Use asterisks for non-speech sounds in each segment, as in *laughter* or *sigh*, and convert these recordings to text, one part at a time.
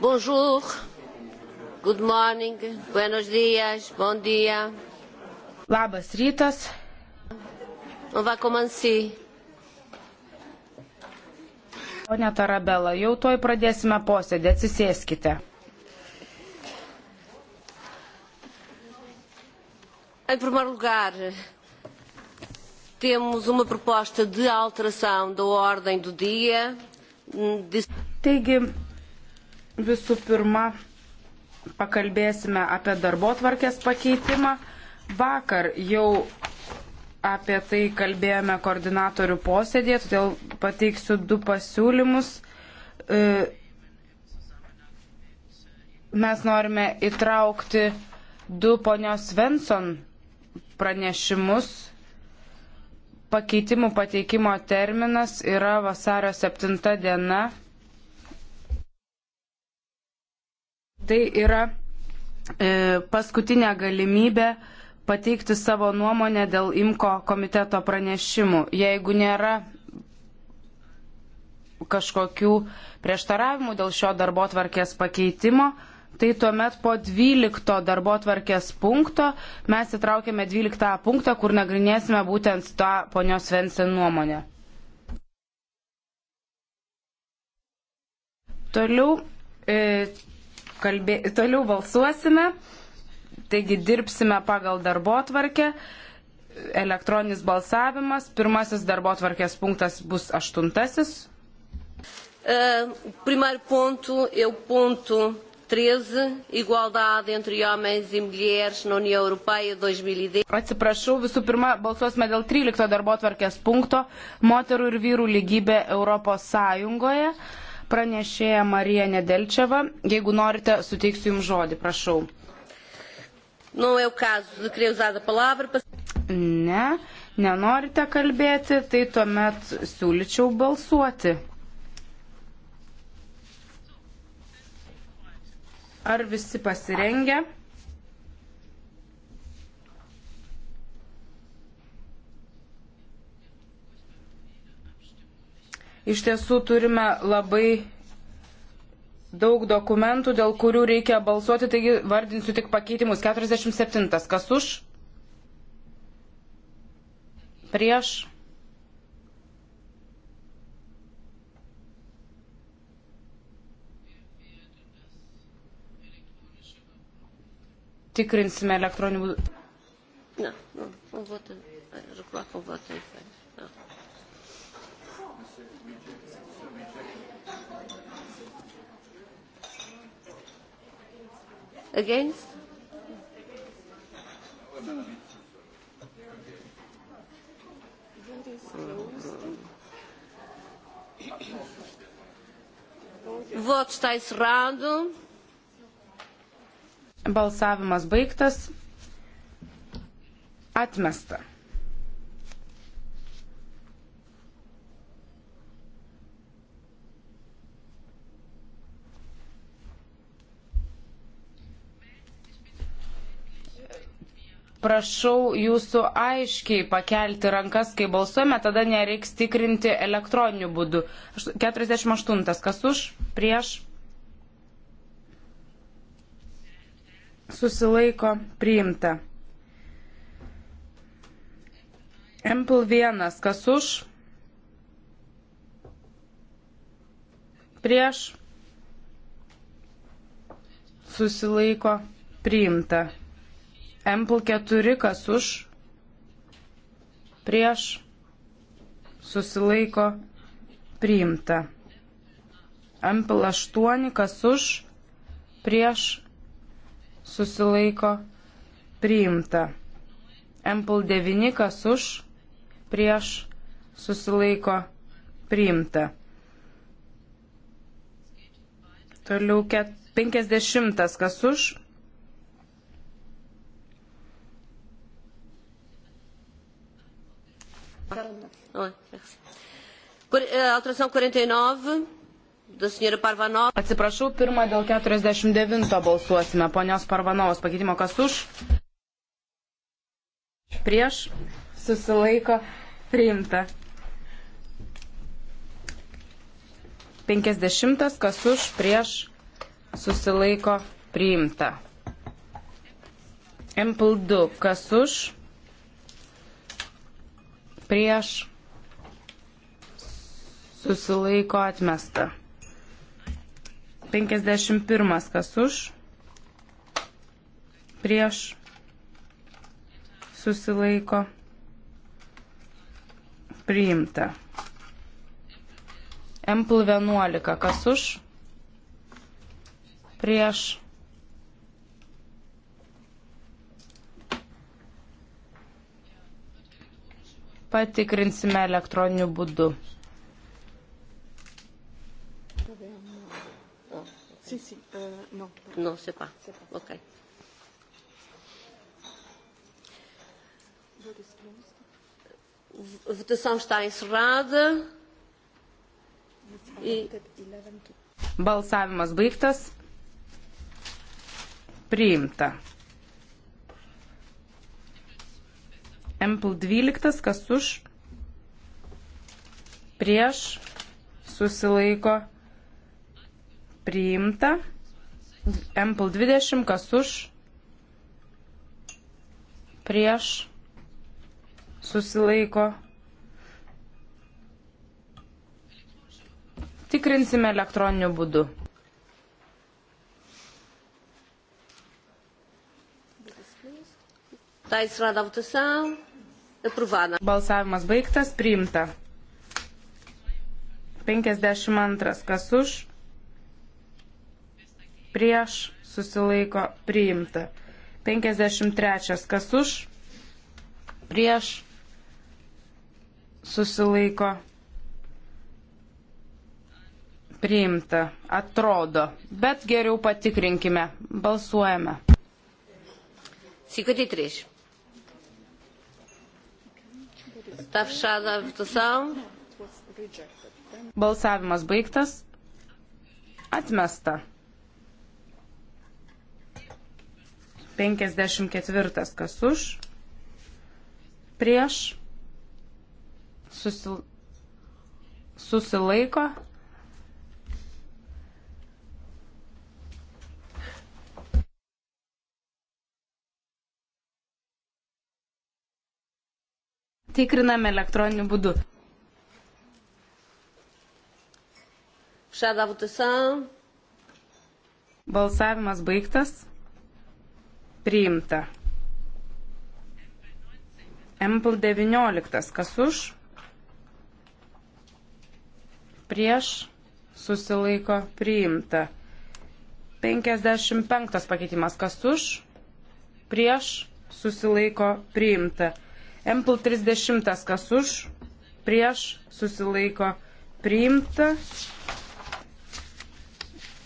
Bonjour. Good morning. Buenos dias. Bon dia. Labas rytas. On va commencer. Pone Tarabela, jau toj pradėsime posėdį, atsisėskite. Em primeiro lugar, temos uma proposta de alteração da ordem do dia. De... Taigi, Visų pirma, pakalbėsime apie darbo tvarkės pakeitimą. Vakar jau apie tai kalbėjome koordinatorių posėdėje, todėl pateiksiu du pasiūlymus. E, mes norime įtraukti du ponios Svensson pranešimus. Pakeitimų pateikimo terminas yra vasario 7 diena tai yra e, paskutinė galimybė pateikti savo nuomonę dėl IMKO komiteto pranešimų. Jeigu nėra kažkokių prieštaravimų dėl šio darbo tvarkės pakeitimo, tai tuomet po 12 darbo tvarkės punkto mes įtraukėme 12 punktą, kur nagrinėsime būtent tą ponios Vensen nuomonę. Toliau e, kalbė, toliau balsuosime, taigi dirbsime pagal darbo tvarkę. Elektroninis balsavimas, pirmasis darbo tvarkės punktas bus aštuntasis. Uh, primeiro ponto é o ponto 13, igualdade entre homens e mulheres na União Europeia 2010. E Atsiprašau, visų pirma, balsuosime dėl 13 darbo tvarkės punkto moterų ir vyrų lygybė Europos Sąjungoje. Uh, pranešėja Marija Nedelčeva. Jeigu norite, suteiksiu Jums žodį, prašau. Ne, nenorite kalbėti, tai tuomet siūlyčiau balsuoti. Ar visi pasirengę? Iš tiesų turime labai daug dokumentų, dėl kurių reikia balsuoti, taigi vardinsiu tik pakeitimus. 47. Kas už? Prieš? tikrinsime elektroniniu būdu. Ne, nu, vote, je crois qu'on vote. Ne. Against? O voto está encerrado. Balsavimas baigtas. Atmesta. prašau jūsų aiškiai pakelti rankas, kai balsuojame, tada nereiks tikrinti elektroniniu būdu. 48. Kas už? Prieš? Susilaiko priimta. Empl 1. Kas už? Prieš? Susilaiko priimta. Empl 4 kas už, prieš, susilaiko, priimta. Empl 8 kas už, prieš, susilaiko, priimta. Empl 9 kas už, prieš, susilaiko, priimta. Toliau 50 kas už, Eh, e Atsiprašau, pirmą dėl 49 balsuosime. Ponios Parvanovos pakeitimo kas už? Prieš susilaiko priimta. 50 kas už prieš susilaiko priimta. Impl 2 kas už prieš, susilaiko atmesta. 51 kas už, prieš, susilaiko, priimta. Empl 11 kas už, prieš, patikrinsime elektroniniu būdu. Si, si, euh, non. Non, c'est pas. C'est pas. OK. Votação está encerrada. E... Balsavimas baigtas. Priimta. Empl 12, kas už, prieš, susilaiko, priimta. Empl 20, kas už, prieš, susilaiko. Tikrinsime elektroniniu būdu. Dice run of the sound. Aprovada. Balsavimas baigtas, priimta. 52. Kas už? Prieš susilaiko priimta. 53. Kas už? Prieš susilaiko priimta. Atrodo. Bet geriau patikrinkime. Balsuojame. 53. Balsavimas baigtas. Atmesta. 54 kas už. Prieš. Susil... Susilaiko. tikriname elektroniniu būdu. Balsavimas baigtas. Priimta. MPL 19. Kas už? Prieš. Susilaiko. Priimta. 55 pakeitimas. Kas už? Prieš. Susilaiko. Priimta. Empl 30 kas už, prieš, susilaiko, priimta.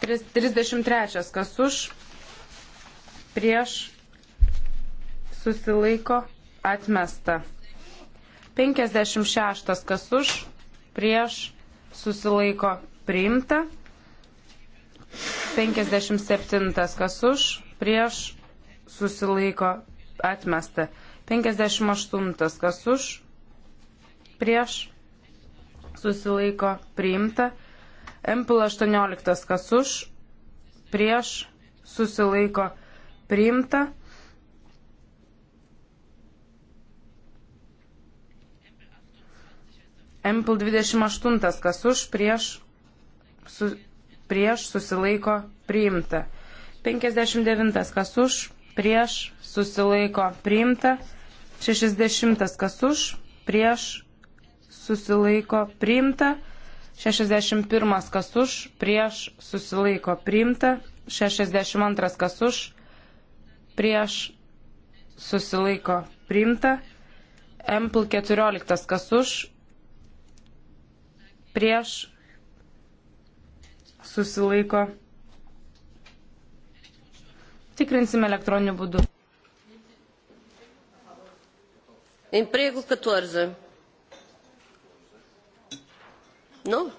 33 kas už, prieš, susilaiko, atmesta. 56 kas už, prieš, susilaiko, priimta. 57 kas už, prieš, susilaiko, atmesta. 58. Kas už? Prieš? Susilaiko priimta. Empil 18. Kas už? Prieš? Susilaiko priimta. Empil 28, kas už, prieš, su, prieš susilaiko priimta. 59, kas už, prieš susilaiko priimta. 60 kas už, prieš, susilaiko, priimta. 61 kas už, prieš, susilaiko, priimta. 62 kas už, prieš, susilaiko, priimta. Empl 14 kas už, prieš, susilaiko. Tikrinsime elektroniniu būdu. Emprego 14. No?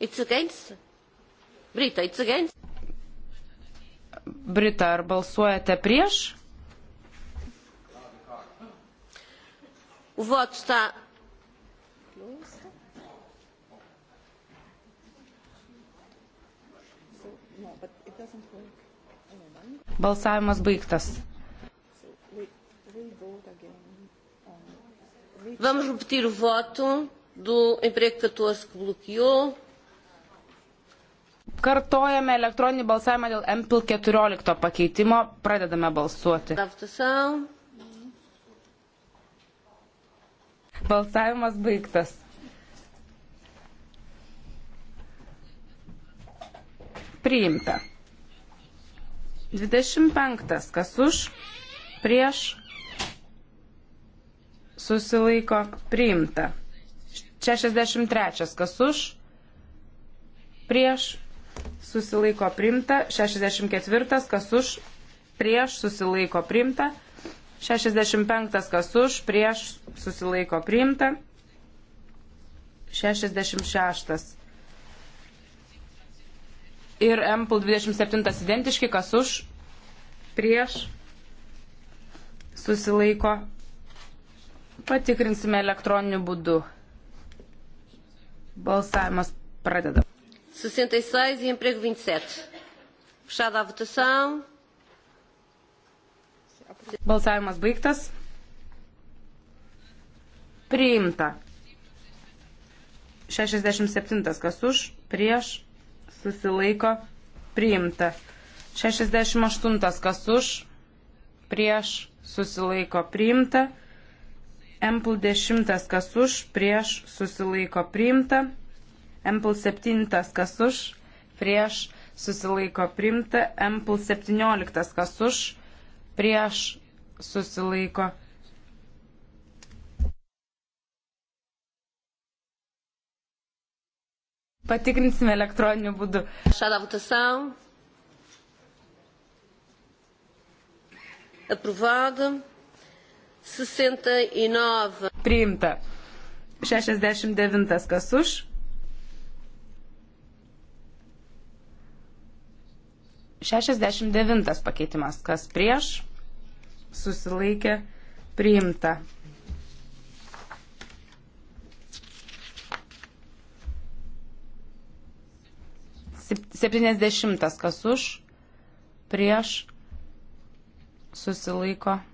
It's against? Brita, it's against? Brita, ar balsuojate prieš? O voto está. Balsavimas baigtas. Vamos repetir o voto do emprego 14 que bloqueou. Kartojame elektroninį balsavimą dėl MPL 14 pakeitimo. Pradedame balsuoti. Balsavimas baigtas. Priimta. 25. Kas už? Prieš? susilaiko priimta. 63 kas už, prieš susilaiko priimta. 64 kas už, prieš susilaiko priimta. 65 kas už, prieš susilaiko priimta. 66 ir MPL 27 identiški, kas už, prieš, susilaiko, Patikrinsime elektroniniu būdu. Balsavimas pradeda. 66 e, e emprego 27. E Fechada a votação. Balsavimas baigtas. Priimta. 67 kas už, prieš, susilaiko, priimta. 68 kas už, prieš, susilaiko, priimta. Empl 10 kas už, prieš susilaiko priimta. Empl 7 kas už, prieš susilaiko priimta. Empl 17 kas už, prieš susilaiko priimta. Patikrinsime elektroniniu būdu. Fechada a votação. Aprovado. 69. E priimta. 69 kas už. Šešiasdešimt devintas pakeitimas, kas prieš, susilaikė, priimta. Septyniasdešimtas, kas už, prieš, susilaiko, priimta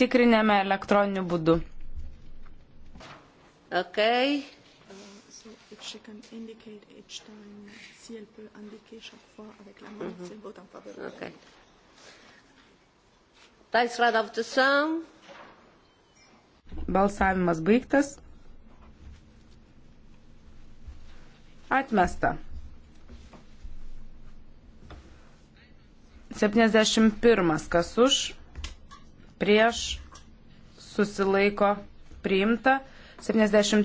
tikrinėme elektroniniu būdu. Okay. She can indicate each time, si elle peut indiquer chaque fois avec la main, mm -hmm. si elle vote en faveur. Okay. Balsavimas baigtas. Atmesta. 71. Kas už? prieš, susilaiko priimta. 73.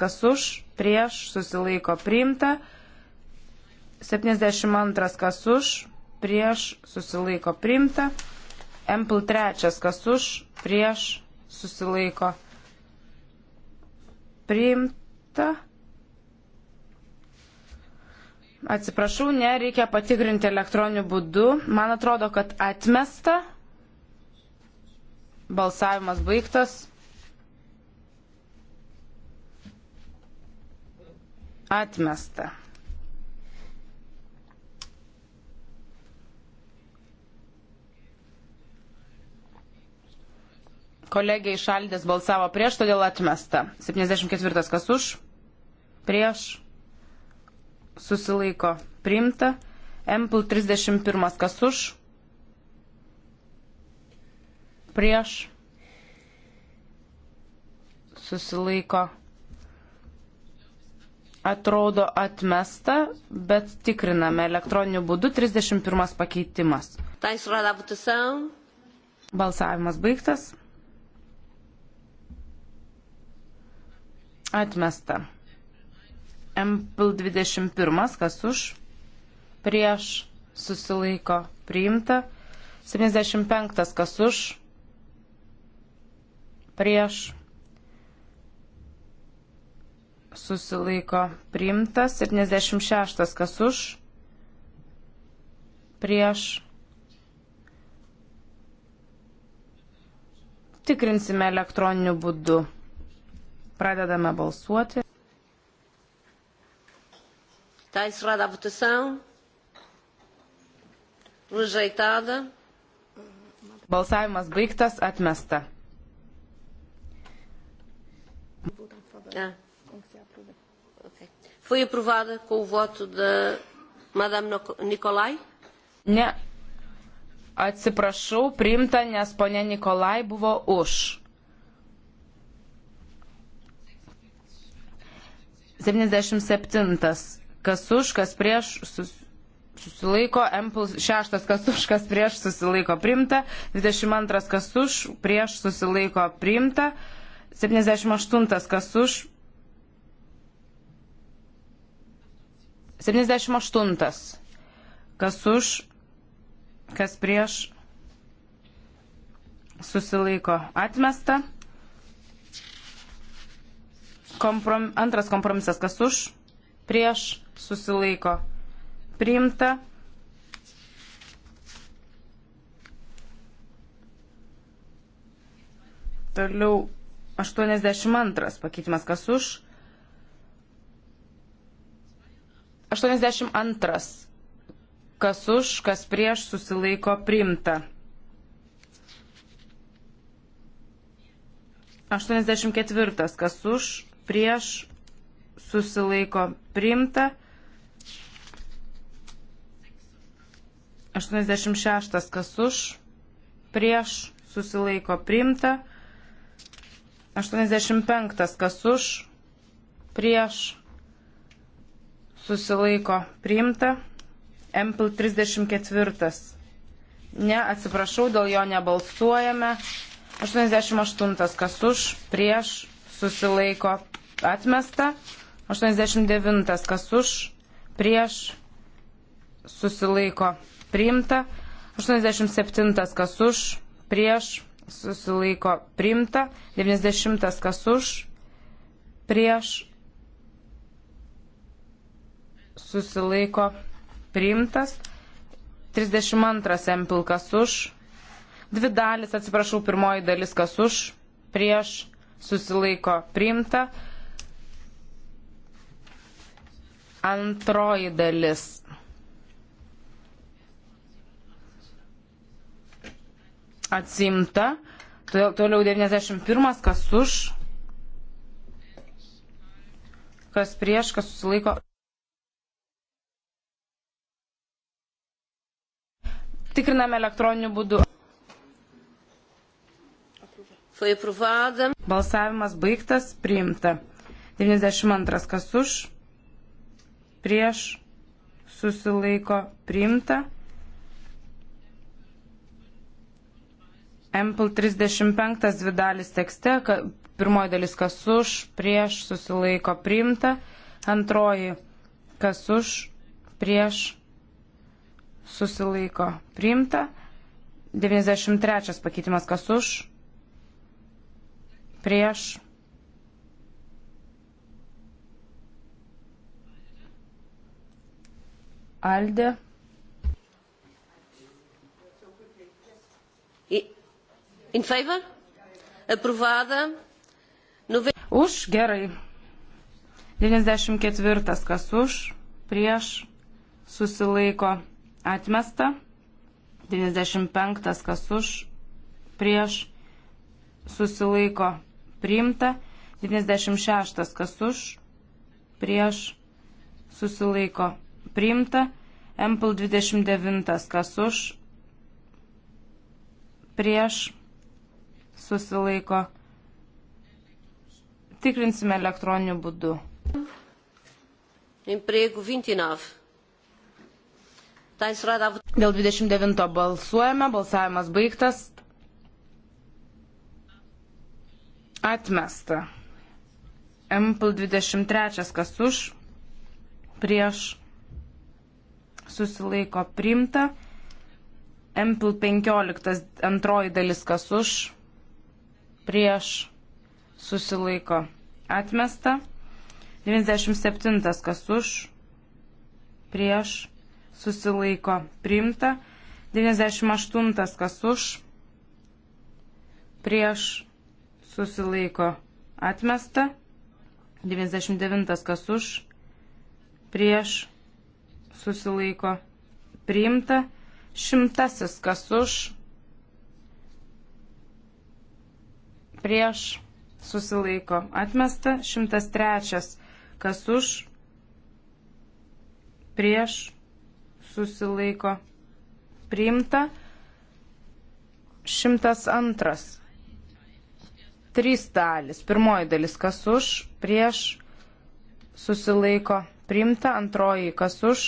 Kas už, prieš, susilaiko priimta. 72. Kas už, prieš, susilaiko priimta. Empl 3. Kas už, prieš, susilaiko priimta. Atsiprašau, nereikia patikrinti elektroniniu būdu. Man atrodo, kad atmesta, Balsavimas baigtas. Atmesta. kolegė iš Aldės balsavo prieš, todėl atmesta. 74 kas už, prieš, susilaiko, priimta. MPL 31 kas už, prieš susilaiko. Atrodo atmesta, bet tikriname elektroniniu būdu 31 pakeitimas. Balsavimas baigtas. Atmesta. MPL 21, kas už, prieš, susilaiko, priimta. 75, kas už, prieš susilaiko priimtas, 76 kas už, prieš. Tikrinsime elektroniniu būdu. Pradedame balsuoti. Está encerrada a votação. Rejeitada. Balsavimas baigtas, atmesta. Ah. Okay. Foi aprovada com o voto da Madame Nicolai? Ne. Atsiprašau, priimta, nes ponia Nikolai buvo už. 77. Kas už, kas prieš sus, susilaiko, MPL 6 kas už, kas prieš susilaiko priimta, 22 kas už, prieš susilaiko priimta. 78 kas už. 78 kas už, kas prieš susilaiko atmesta. Komprom, antras kompromisas kas už, prieš susilaiko priimta. Toliau 82 pakeitimas kas už. 82 kas už, kas prieš susilaiko priimta. 84 kas už, prieš susilaiko priimta. 86 kas už, prieš susilaiko priimta. 85. Kas už, prieš, susilaiko priimta. Empl 34. Ne, atsiprašau, dėl jo nebalsuojame. 88. Kas už, prieš, susilaiko atmesta. 89. Kas už, prieš, susilaiko priimta. 87. Kas už, prieš, susilaiko primta, 90 kas už, prieš susilaiko priimtas, 32 empil kas už, dvi dalis, atsiprašau, pirmoji dalis kas už, prieš susilaiko priimta, antroji dalis atsimta. Toliau 91, kas už, kas prieš, kas susilaiko. Tikriname elektroniniu būdu. Balsavimas baigtas, priimta. 92 kas už, prieš, susilaiko, priimta. Empl 35 dvi dalis tekste, ka, pirmoji dalis kas už, prieš, susilaiko priimta, antroji kas už, prieš, susilaiko priimta, 93 pakeitimas kas už, prieš, Alde In favor? Aprovada. Už gerai. 94 kas už, prieš, susilaiko, atmesta. 95 kas už, prieš, susilaiko, priimta. 96 kas už, prieš, susilaiko, priimta. Empl 29 kas už, prieš, susilaiko susilaiko. Tikrinsime elektroniniu būdu. E Dėl 29 balsuojame, balsavimas baigtas. Atmesta. MPL 23 kas už, prieš susilaiko primta. MPL 15 antroji dalis kas už, prieš susilaiko atmesta. 97 kas už prieš susilaiko priimta. 98 kas už prieš susilaiko atmesta. 99 kas už prieš susilaiko priimta. Šimtasis kas už prieš, susilaiko atmesta, 103 kas už, prieš, susilaiko priimta, 102. Trys dalis. Pirmoji dalis kas už, prieš, susilaiko priimta, antroji kas už,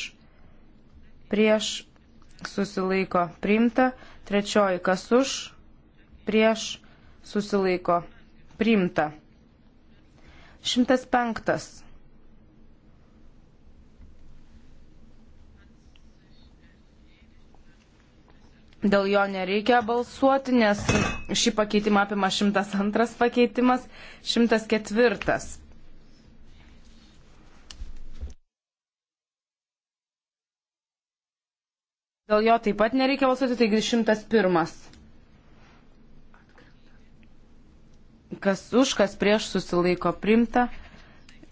prieš, susilaiko priimta, trečioji kas už, prieš, susilaiko priimta. 105. Dėl jo nereikia balsuoti, nes šį pakeitimą apima 102 pakeitimas, 104. Dėl jo taip pat nereikia balsuoti, taigi 101. Kas už, kas prieš susilaiko primta.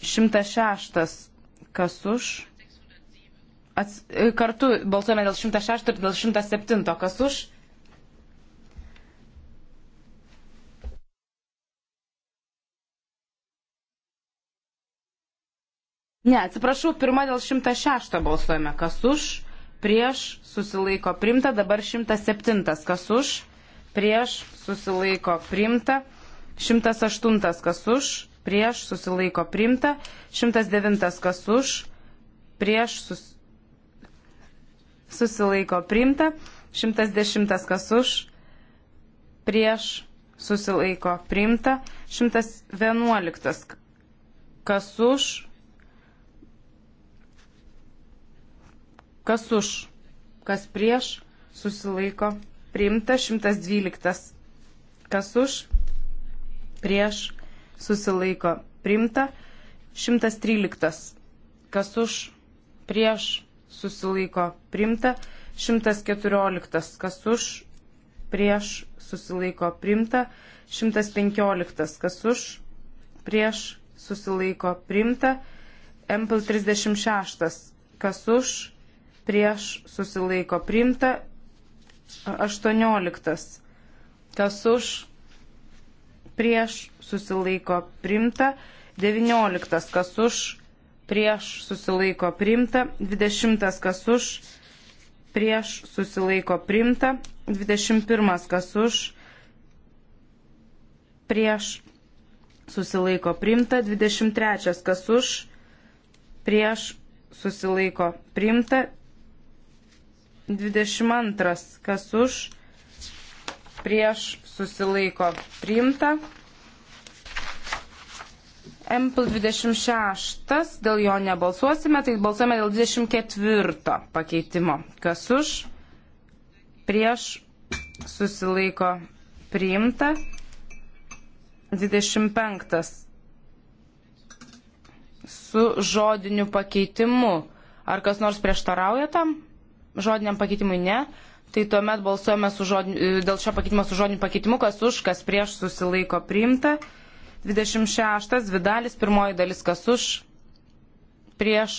106. Kas už. Ats, e, kartu balsuojame dėl 106 ir dėl 107. Kas už. Ne, atsiprašau, pirmą dėl 106 balsuojame. Kas už, prieš, susilaiko primta, dabar 107. Kas už, prieš, susilaiko primta. 108 kas už, prieš susilaiko priimta, 109 kas už, prieš sus... susilaiko priimta, 110 kas už, prieš susilaiko priimta, 111 kas už, kas už, kas prieš susilaiko priimta, 112 kas už, prieš, susilaiko primta. 113. Kas už, prieš, susilaiko primta. 114. Kas už, prieš, susilaiko primta. 115. Kas už, prieš, susilaiko primta. MPL 36. Kas už, prieš, susilaiko primta. 18. Kas už, prieš susilaiko primta, 19 kas už, prieš susilaiko primta, 20 kas už, prieš susilaiko primta, 21 kas už, prieš susilaiko primta, 23 kas už, prieš susilaiko primta, 22 kas už, prieš susilaiko primta, prieš susilaiko priimta. MPL 26, dėl jo nebalsuosime, tai balsuojame dėl 24 pakeitimo. Kas už, prieš susilaiko priimta. 25 su žodiniu pakeitimu. Ar kas nors prieštarauja tam? Žodiniam pakeitimui ne tai tuomet balsuojame žodin, e, dėl šio pakeitimo su žodiniu pakeitimu, kas už, kas prieš susilaiko priimta. 26. Vidalis, pirmoji dalis, kas už, prieš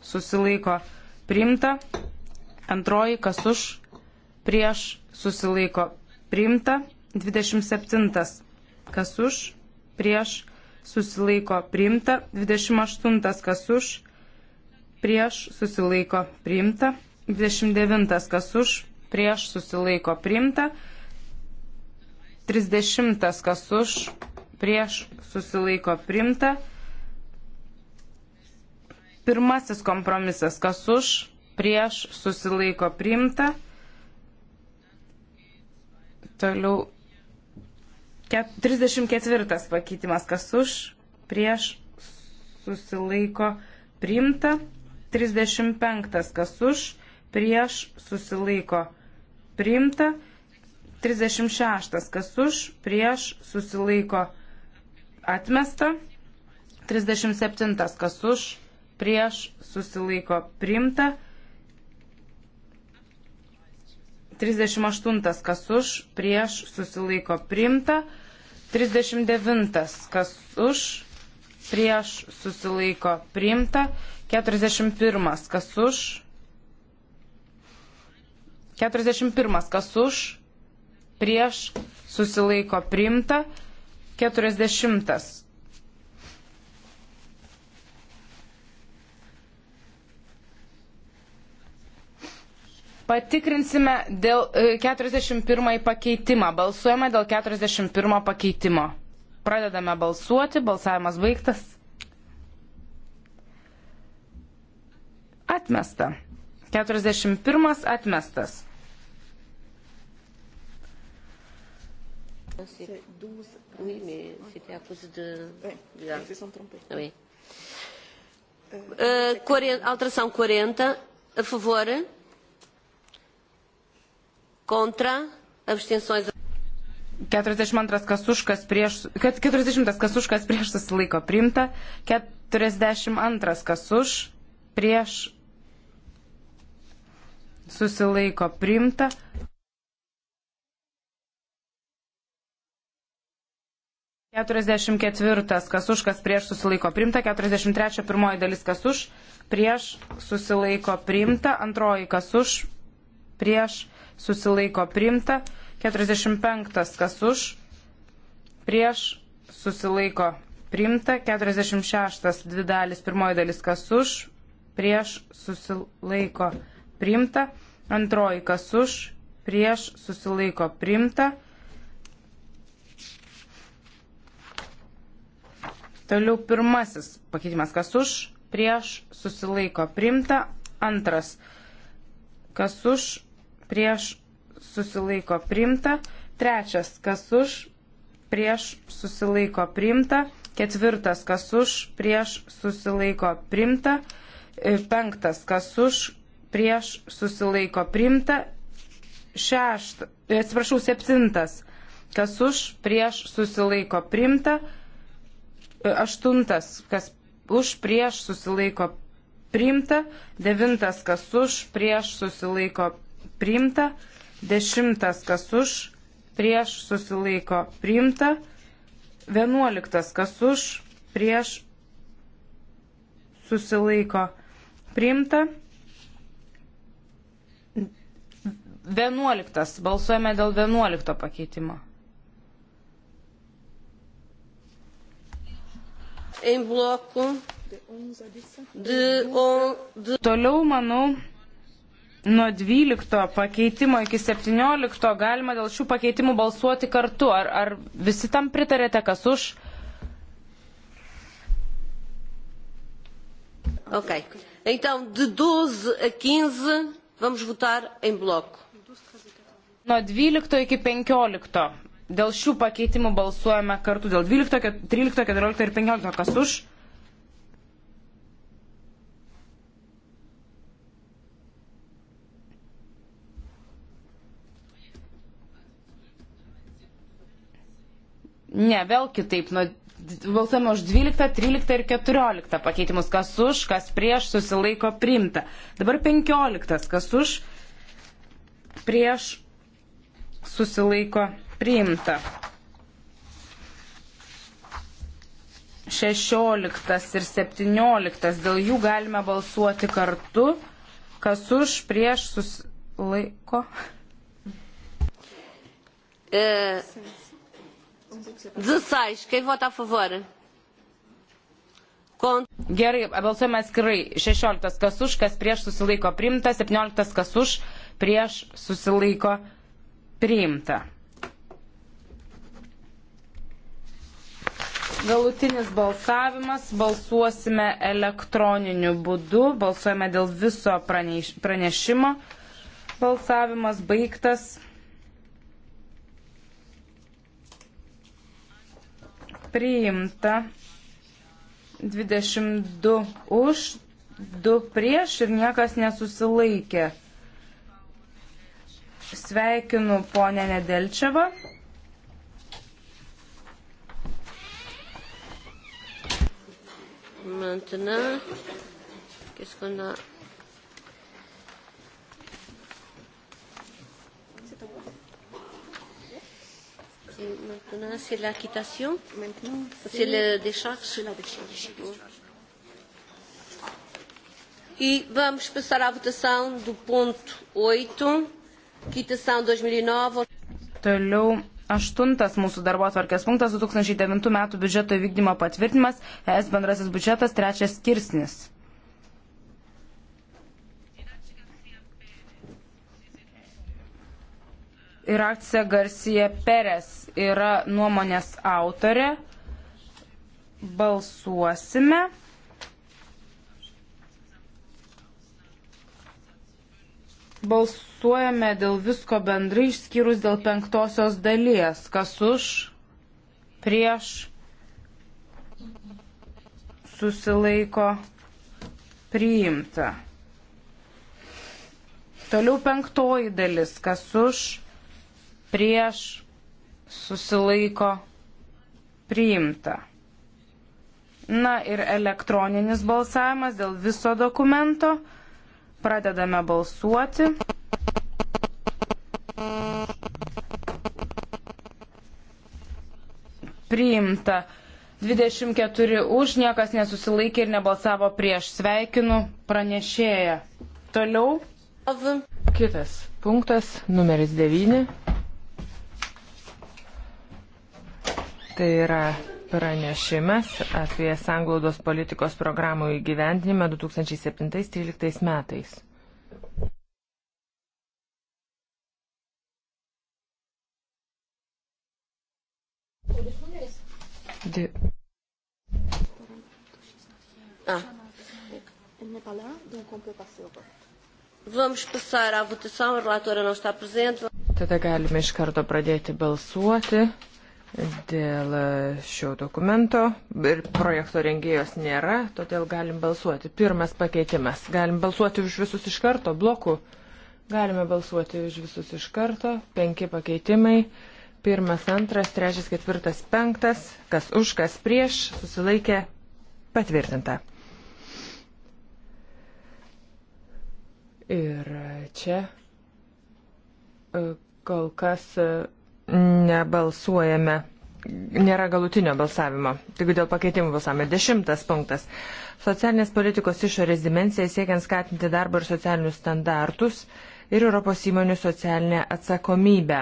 susilaiko priimta. Antroji, kas už, prieš susilaiko priimta. 27. Kas už, prieš susilaiko priimta. 28. Kas už, prieš susilaiko priimta. 29. Kas už, prieš susilaiko priimta. 30 kas už prieš susilaiko priimta. Pirmasis kompromisas kas už prieš susilaiko priimta. Toliau 34 pakeitimas kas už prieš susilaiko priimta. 35 kas už prieš susilaiko priimta priimta. 36. Kas už, prieš, susilaiko, atmesta. 37. Kas už, prieš, susilaiko, priimta. 38. Kas už, prieš, susilaiko, priimta. 39. Kas už, prieš, susilaiko, priimta. 41. Kas už, 41. Kas už, prieš, susilaiko priimta. 40. Patikrinsime dėl 41 e, pakeitimą. Balsuojame dėl 41 pakeitimo. Pradedame balsuoti, balsavimas baigtas. Atmesta. 41 atmestas. C'est 12. Oui, mais c'était à cause de. Oui, yeah. ils se sont trompés. Oui. Uh, 40, alteração 40, a favor, contra, abstenções. 42 kas už, kas prieš, 40 kas už, kas prieš susilaiko priimta, 42 kas už, prieš susilaiko priimta. 44, kas už, kas prieš susilaiko primta. 43, pirmoji dalis, kas už, prieš susilaiko primta. Antroji, kas už, prieš susilaiko primta. 45, kas už, prieš susilaiko primta. 46, dvi dalis, pirmoji dalis, kas už, prieš susilaiko primta. Antroji, kas už, prieš susilaiko primta. Toliau pirmasis pakeitimas, kas už, prieš, susilaiko primta. Antras, kas už, prieš, susilaiko primta. Trečias, kas už, prieš, susilaiko primta. Ketvirtas, kas už, prieš, susilaiko primta. E, penktas, kas už, prieš, susilaiko primta. Šeštas, e, atsiprašau, septintas, kas už, prieš, susilaiko primta Aštuntas, kas už prieš susilaiko priimta. Devintas, kas už prieš susilaiko priimta. Dešimtas, kas už prieš susilaiko priimta. Vienuoliktas, kas už prieš susilaiko priimta. Vienuoliktas, balsuojame dėl vienuolikto pakeitimo. em bloco de, on, de... Toliau, manau, nuo 12 pakeitimo iki 17 galima dėl šių pakeitimų balsuoti kartu. Ar, ar visi tam pritarėte, kas už? Ok. Então, de 12 a 15 vamos votar em bloco. Nuo 12 iki 15 Dėl šių pakeitimų balsuojame kartu dėl 12, 13, 14 ir 15. Kas už? Ne, vėl kitaip. Nu, balsuojame už 12, 13 ir 14 pakeitimus. Kas už, kas prieš, susilaiko priimta. Dabar 15. Kas už, prieš, susilaiko priimta priimta. 16 ir 17, dėl jų galime balsuoti kartu, kas už prieš susilaiko. Uh, eh, 16, quem vota a favor? Gerai, balsuojame atskirai. 16 kas už, kas prieš susilaiko priimta, 17 kas už, prieš susilaiko priimta. galutinis balsavimas. Balsuosime elektroniniu būdu. Balsuojame dėl viso pranešimo. Balsavimas baigtas. Priimta 22 už, 2 prieš ir niekas nesusilaikė. Sveikinu ponę Nedelčiavą. maintenant. Qu'est-ce qu'on a Et maintenant, c'est la quittation Maintenant, c'est la décharge C'est la décharge. E vamos passar à votação do ponto 8, quitação 2009. E Toliau Aštuntas mūsų darbo atvarkės punktas 2009 metų biudžeto vykdymo patvirtinimas, ES bendrasis biudžetas, trečias skirsnis. Irakcija Garcija Peres yra nuomonės autorė. Balsuosime. Balsuojame dėl visko bendrai, išskyrus dėl penktosios dalies. Kas už, prieš, susilaiko, priimta. Toliau penktoji dalis. Kas už, prieš, susilaiko, priimta. Na ir elektroninis balsavimas dėl viso dokumento. Pradedame balsuoti. Priimta. 24 už, niekas nesusilaikė ir nebalsavo prieš. Sveikinu pranešėją. Toliau. Kitas punktas, numeris 9. Tai yra pranešimas apie sanglaudos politikos programų įgyvendinimą 2007-2013 metais. De... Ah. Ele não está lá, então eu passei o voto. Vamos passar à votação, a relatora não está presente. Tada galime iš karto pradėti balsuoti. Dėl šio dokumento ir projekto rengėjos nėra, todėl galim balsuoti. Pirmas pakeitimas. Galim balsuoti už visus iš karto, blokų. Galime balsuoti už visus iš karto. Penki pakeitimai. Pirmas, antras, trečias, ketvirtas, penktas. Kas už, kas prieš, susilaikė patvirtinta. Ir čia e, kol kas e, nebalsuojame, nėra galutinio balsavimo, tik dėl pakeitimų balsavome. Dešimtas punktas. Socialinės politikos išorės dimencija siekiant skatinti darbo ir socialinius standartus ir Europos įmonių socialinę atsakomybę.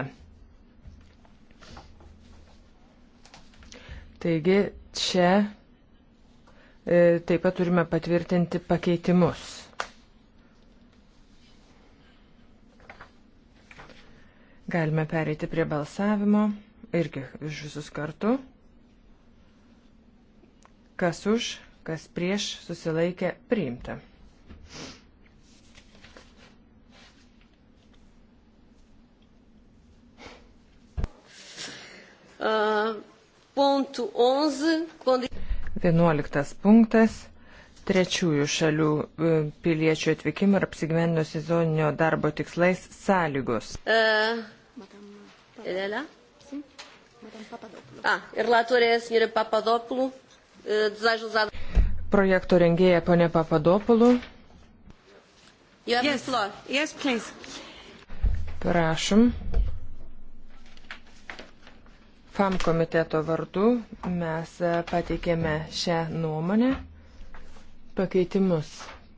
Taigi čia e, taip pat turime patvirtinti pakeitimus. Galime pereiti prie balsavimo irgi iš visus kartu. Kas už, kas prieš susilaikė priimta. Uh, punktų 11. 11 punktas. Trečiųjų šalių uh, piliečių atvykimo ir apsigyvenimo sezoninio darbo tikslais sąlygos. Uh. Ela é lá? Sim. Ah, relatora é a senhora Papadopoulou. Eh, Deseja usar... Projekto rengėja ponė Papadopoulou. E yes. Yes, please. Prašom. FAM komiteto vardu mes pateikėme šią nuomonę pakeitimus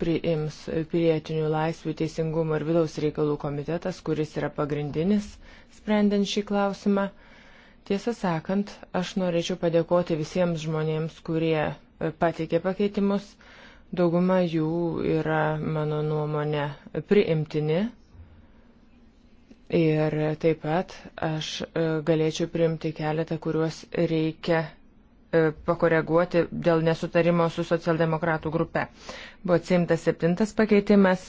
priims pilietinių laisvių teisingumo ir vidaus reikalų komitetas, kuris yra pagrindinis sprendint šį klausimą. Tiesą sakant, aš norėčiau padėkoti visiems žmonėms, kurie e, pateikė pakeitimus. Dauguma jų yra, mano nuomonė, priimtini. Ir taip pat aš e, galėčiau priimti keletą, kuriuos reikia E, pakoreguoti dėl nesutarimo su socialdemokratų grupe. Buvo atsimtas septintas pakeitimas.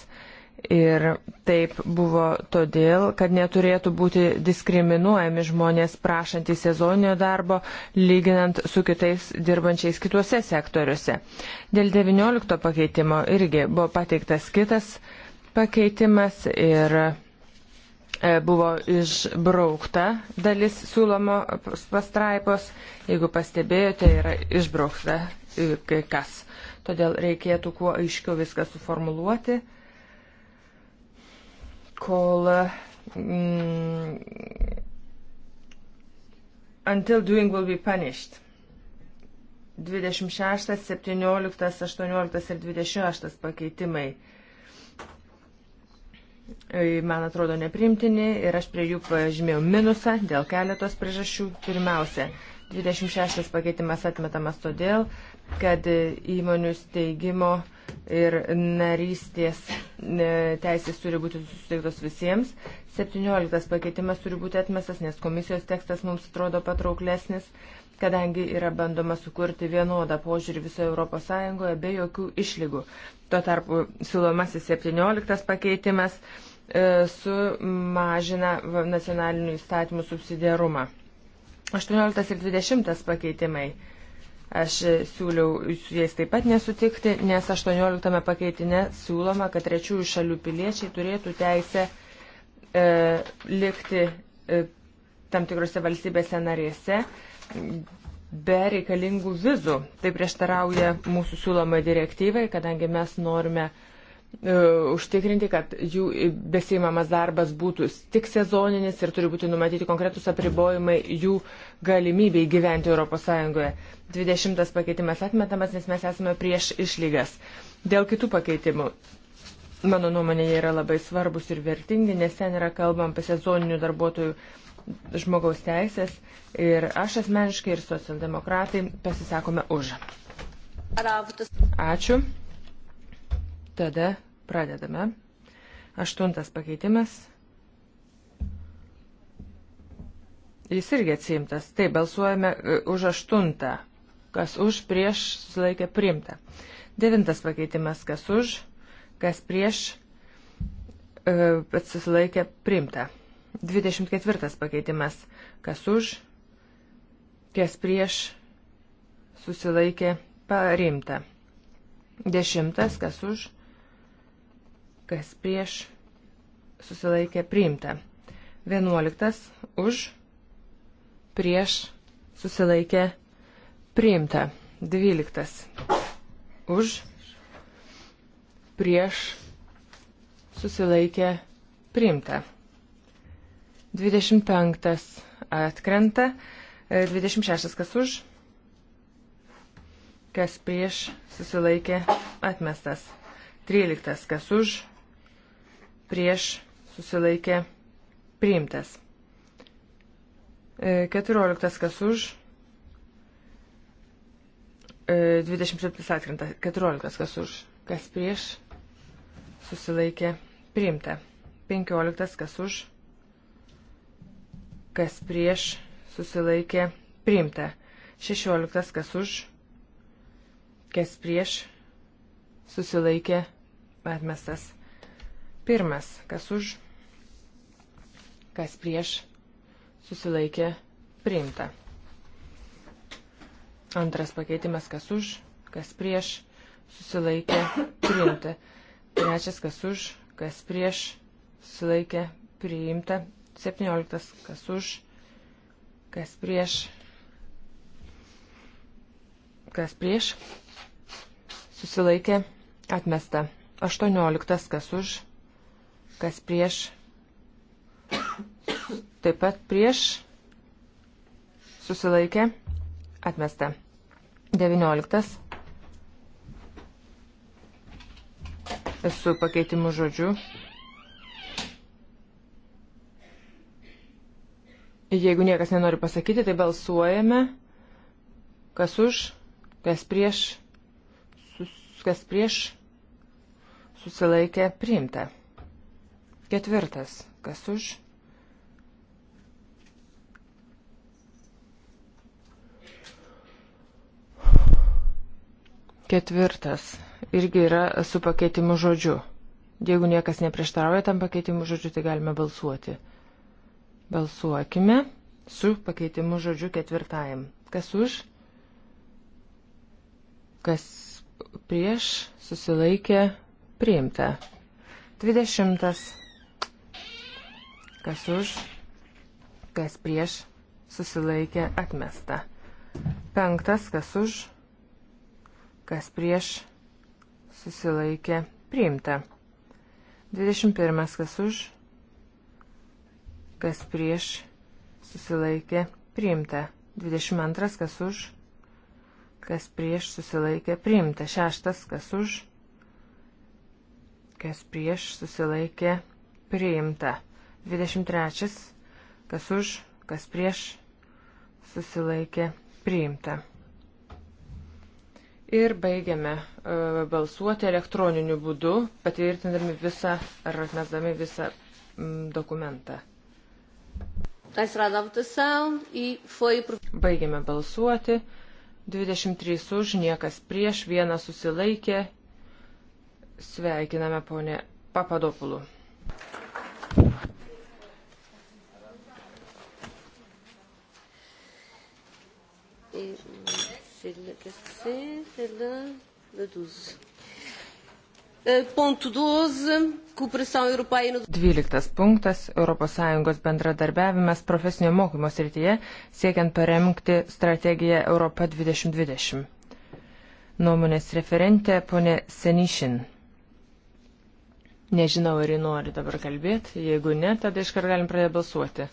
Ir taip buvo todėl, kad neturėtų būti diskriminuojami žmonės prašantys sezoninio darbo, lyginant su kitais dirbančiais kituose sektoriuose. Dėl 19 pakeitimo irgi buvo pateiktas kitas pakeitimas ir E, buvo išbraukta dalis siūlomo pastraipos. Jeigu pastebėjote, yra išbraukta e, kai kas. Todėl reikėtų kuo aiškiau viską suformuluoti, kol. Mm, until doing will be punished. 26, 17, 18 ir 28 pakeitimai man atrodo neprimtini ir aš prie jų pažymėjau minusą dėl keletos priežasčių. Pirmiausia, 26 pakeitimas atmetamas todėl, kad įmonių steigimo ir narystės e, teisės turi būti susitiktos visiems. 17 pakeitimas turi būti atmestas, nes komisijos tekstas mums atrodo patrauklesnis, kadangi yra bandoma sukurti vienodą požiūrį visoje ES be jokių išlygų. Tuo tarpu siūlomasis 17 pakeitimas E, sumažina nacionalinių įstatymų subsidiarumą. 18 ir 20 pakeitimai. Aš e, siūliau su jais taip pat nesutikti, nes 18 pakeitime siūloma, kad trečiųjų šalių piliečiai turėtų teisę e, likti e, tam tikrose valstybėse narėse be reikalingų vizų. Tai prieštarauja mūsų siūloma direktyvai, kadangi mes norime e, E, užtikrinti, kad jų besimamas darbas būtų tik sezoninis ir turi būti numatyti konkretus apribojimai jų galimybei gyventi ES. 20 pakeitimas atmetamas, nes mes esame prieš išlygas. Dėl kitų pakeitimų. Mano nuomonė jie yra labai svarbus ir vertingi, nes ten yra kalbam apie sezoninių darbuotojų žmogaus teisės ir aš asmeniškai ir socialdemokratai pasisakome už. Ačiū. Tada pradedame. Aštuntas pakeitimas. Jis irgi atsimtas. Taip, balsuojame e, už aštuntą. Kas už, prieš, sulaikė priimta. Devintas pakeitimas. Kas už, kas prieš, atsislaikė e, priimta. 24 pakeitimas. Kas už, kas prieš, susilaikė parimta. 10. Kas už, kas prieš susilaikė priimta. 11 už, prieš susilaikė priimta. 12 už, prieš susilaikė priimta. 25 atkrenta, 26 kas už, kas prieš susilaikė atmestas. 13 kas už, prieš susilaikė priimtas. 14 e, kas už, 27 atkrenta, 14 kas už, kas prieš susilaikė priimta. 15 kas už, kas prieš susilaikė priimta. 16 kas už, kas prieš susilaikė atmestas. Pirmas, kas už, kas prieš, susilaikė priimta. Antras pakeitimas, kas už, kas prieš, susilaikė priimta. Trečias, kas už, kas prieš, susilaikė priimta. Septynioliktas, kas už, kas prieš, kas prieš, susilaikė atmesta. Aštuonioliktas, kas už, kas prieš, taip pat prieš, susilaikė, atmesta. 19. Esu pakeitimu žodžiu. Jeigu niekas nenori pasakyti, tai balsuojame, kas už, kas prieš, sus, kas prieš, susilaikė priimta. Ketvirtas. Kas už? Ketvirtas. Irgi yra su pakeitimu žodžiu. Jeigu niekas neprieštarauja tam pakeitimu žodžiu, tai galime balsuoti. Balsuokime su pakeitimu žodžiu ketvirtajam. Kas už? Kas prieš susilaikė priimta. Dvidešimtas. Kas už, kas prieš, susilaikė atmesta. Penktas, kas už, kas prieš, susilaikė priimta. 21, kas už, kas prieš, susilaikė priimta. 22, kas už, kas prieš, susilaikė priimta. Šeštas, kas už, kas prieš, susilaikė priimta. 23. Kas už, kas prieš, susilaikė priimta. Ir baigiame e, balsuoti elektroniniu būdu, patvirtindami visą ar atmesdami visą m, dokumentą. Baigiame balsuoti. 23 už, niekas prieš, vienas susilaikė. Sveikiname ponę Papadopulų. c'est le, qu'est-ce que c'est C'est le, le 12. Punktų 12 punktas - ES bendradarbiavimas profesinio mokymo srityje, siekiant paremti strategiją Europa 2020. Nuomonės referentė ponė Senišin. Nežinau, ar ji nori dabar kalbėti. Jeigu ne, tada iškart galim pradėti balsuoti.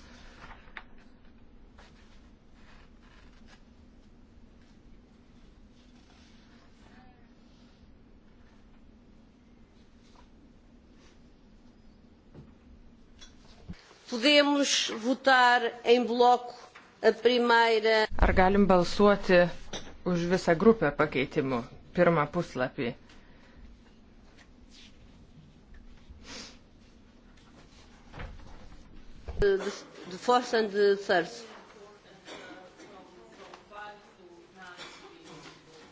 Podemos votar em bloco a primeira. Ar galim balsuoti už visą grupę pakeitimų? Pirmą puslapį. De, de Força de Sarso.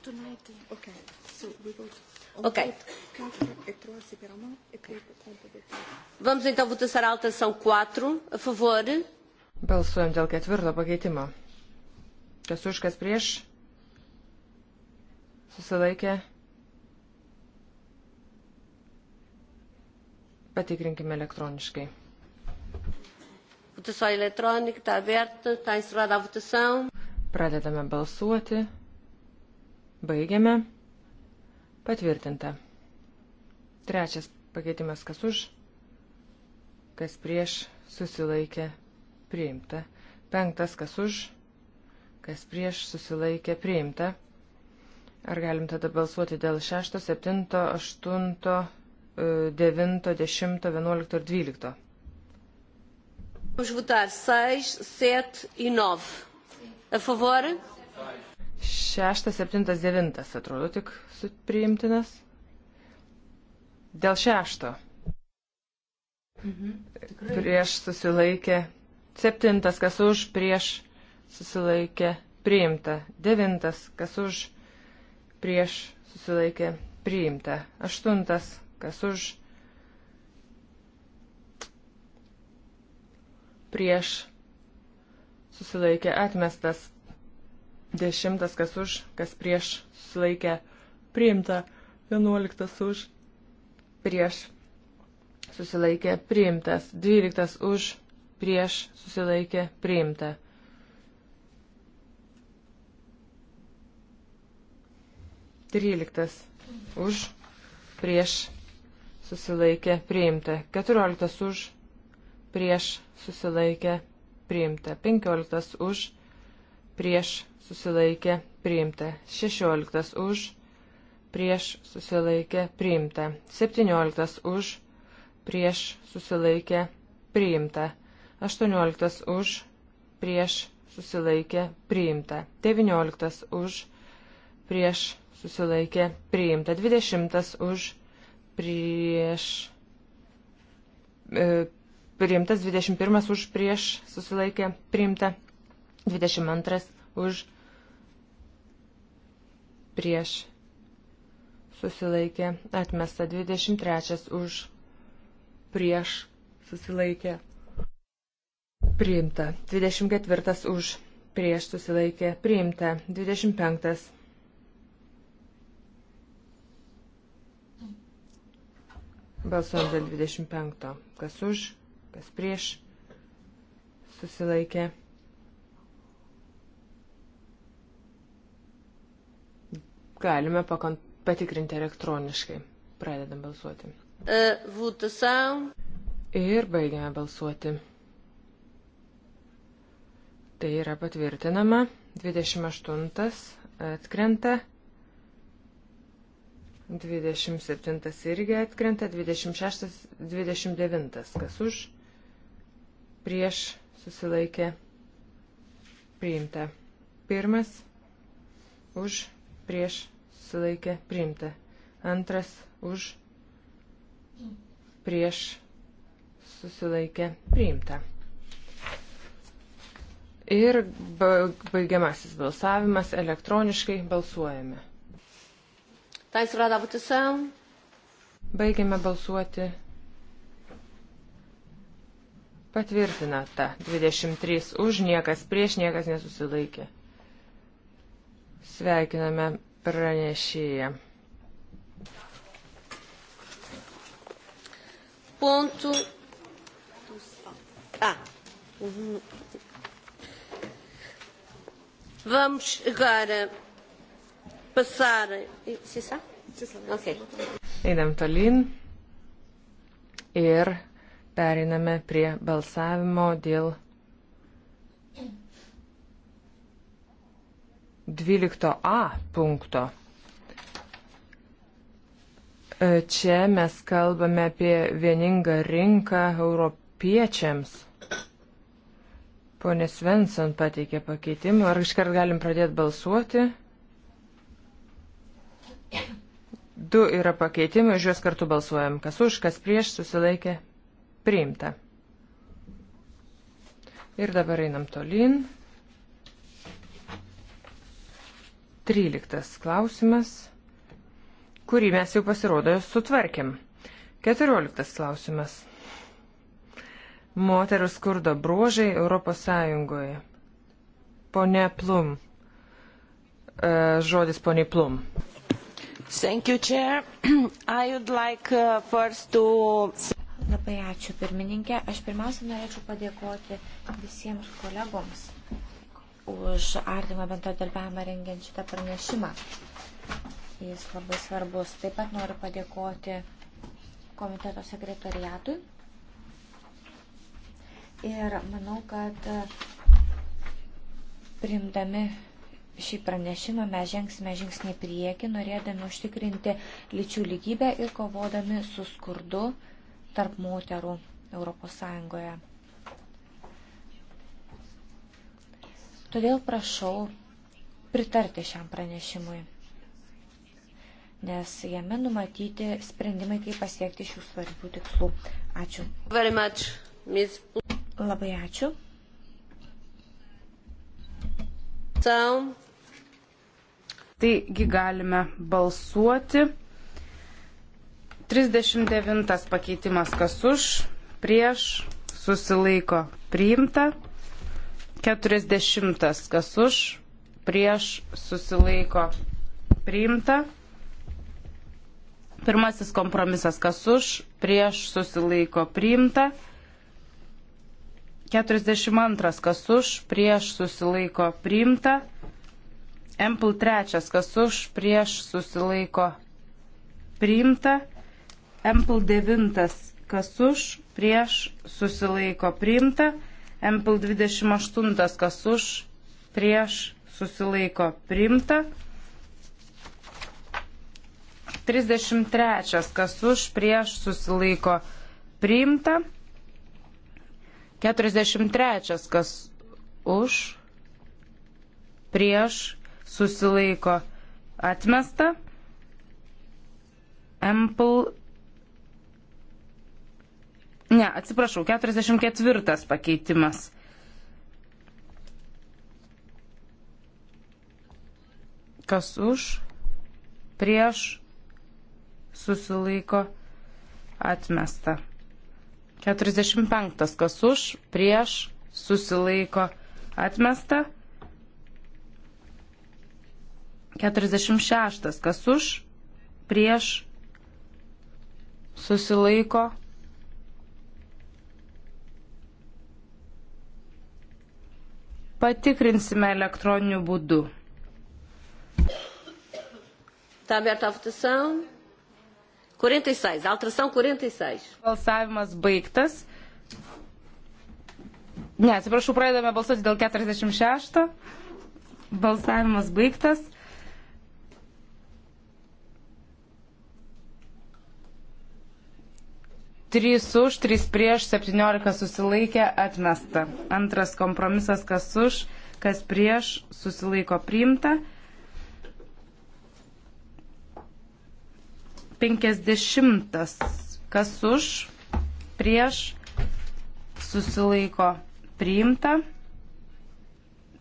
Tonight, okay. So we go to Ok. Vamos então votação a alteração 4. A favor. Balsuojam dėl ketvirto pakeitimo. Kas už, kas prieš? Susilaikė. Patikrinkime elektroniškai. Votação eletrônica está aberta, está encerrada a votação. Pradedame balsuoti. Baigiame. Patvirtinta. Trečias pakeitimas kas už, kas prieš susilaikė priimta. Penktas kas už, kas prieš susilaikė priimta. Ar galim tada balsuoti dėl 6, 7, 8, 9, 10, 11 ir 12? Vamos votar 6, 7 e 9. A favor? Šeštas, septintas, devintas atrodo tik priimtinas. Dėl šešto. Mhm, tikrai. prieš susilaikė. Septintas, kas už, prieš susilaikė. Priimta. Devintas, kas už, prieš susilaikė. Priimta. Aštuntas, kas už, prieš susilaikė. Atmestas. Dešimtas kas už, kas prieš sulaikė priimta. Vienuoliktas už, prieš susilaikė priimtas. Dvyliktas už, prieš susilaikė priimta. Tryliktas už, prieš susilaikė priimta. Keturioliktas už, prieš susilaikė priimta. Penkioliktas už, prieš susilaikė priimta. 16 už, prieš susilaikė priimta. 17 už, prieš susilaikė priimta. 18 už, prieš susilaikė priimta. 19 už, prieš susilaikė priimta. 20 už, prieš. E, priimtas, 21 už prieš susilaikė priimta, 22 už prieš susilaikė, atmesta 23 už, prieš susilaikė, priimta 24 už, prieš susilaikė, priimta 25. Balsuojant dėl 25. Kas už, kas prieš, susilaikė. Galime patikrinti elektroniškai. Pradedam balsuoti. E, votação. Ir baigiame balsuoti. Tai yra patvirtinama. 28 atkrenta. 27 irgi atkrenta. 26, 29 kas už. Prieš susilaikė. Priimta. Pirmas už prieš sulaikė priimta. Antras už prieš susilaikė priimta. Ir baigiamasis balsavimas elektroniškai balsuojame. Baigiame balsuoti. Patvirtina ta 23 už, niekas prieš, niekas nesusilaikė. Sveikiname pranešėją. Pontų. A. Ah. Vamos agora passar. Okay. Einam tolyn ir periname prie balsavimo dėl 12a punkto. E, čia mes kalbame apie vieningą rinką europiečiams. Pone Svensson pateikė pakeitimą. Ar iškart galim pradėti balsuoti? Du yra pakeitimai, už juos kartu balsuojam. Kas už, kas prieš, susilaikė, priimta. Ir dabar einam tolin. 13 klausimas, kurį mes jau pasirodo sutvarkėm. 14 klausimas. Moterų skurdo bruožai Europos Sąjungoje. Pone Plum. E, žodis poniai Plum. Thank you, Chair. *clears throat* I would like uh, first to... Labai ačiū, pirmininkė. Aš pirmiausia norėčiau padėkoti visiems kolegoms už artimą bendradarbiavimą rengiant šitą pranešimą. Jis labai svarbus. Taip pat noriu padėkoti komiteto sekretariatui. Ir manau, kad primdami šį pranešimą mes žengsime žingsnį priekį, norėdami užtikrinti lyčių lygybę ir kovodami su skurdu tarp moterų Europos Sąjungoje. Todėl prašau pritarti šiam pranešimui, nes jame numatyti sprendimai, kaip pasiekti šių svarbių tikslų. Ačiū. Much, Ms. Labai ačiū. So. Taigi galime balsuoti. 39 pakeitimas kas už, prieš, susilaiko priimta. 40. Kas už, prieš, susilaiko, priimta. Pirmasis kompromisas. Kas už, prieš, susilaiko, priimta. 42. Kas už, prieš, susilaiko, priimta. Empl 3. Kas už, prieš, susilaiko, priimta. Empl 9. Kas už, prieš, susilaiko, priimta. MPL 28 kas už, prieš susilaiko priimta. 33 kas už, prieš susilaiko priimta. 43 kas už, prieš susilaiko atmesta. MPL Ne, atsiprašau, 44 pakeitimas. Kas už, prieš, susilaiko, atmesta. 45. Kas už, prieš, susilaiko, atmesta. 46. Kas už, prieš, susilaiko, atmesta patikrinsime elektroniniu būdu. Está aberta a votação. 46. E alteração 46. E Balsavimas baigtas. Ne, atsiprašau, pradedame balsuoti dėl 46. Balsavimas baigtas. 3 už, 3 prieš, 17 susilaikė, atmesta. Antras kompromisas, kas už, kas prieš, susilaiko priimta. 50. Kas už, prieš, susilaiko priimta.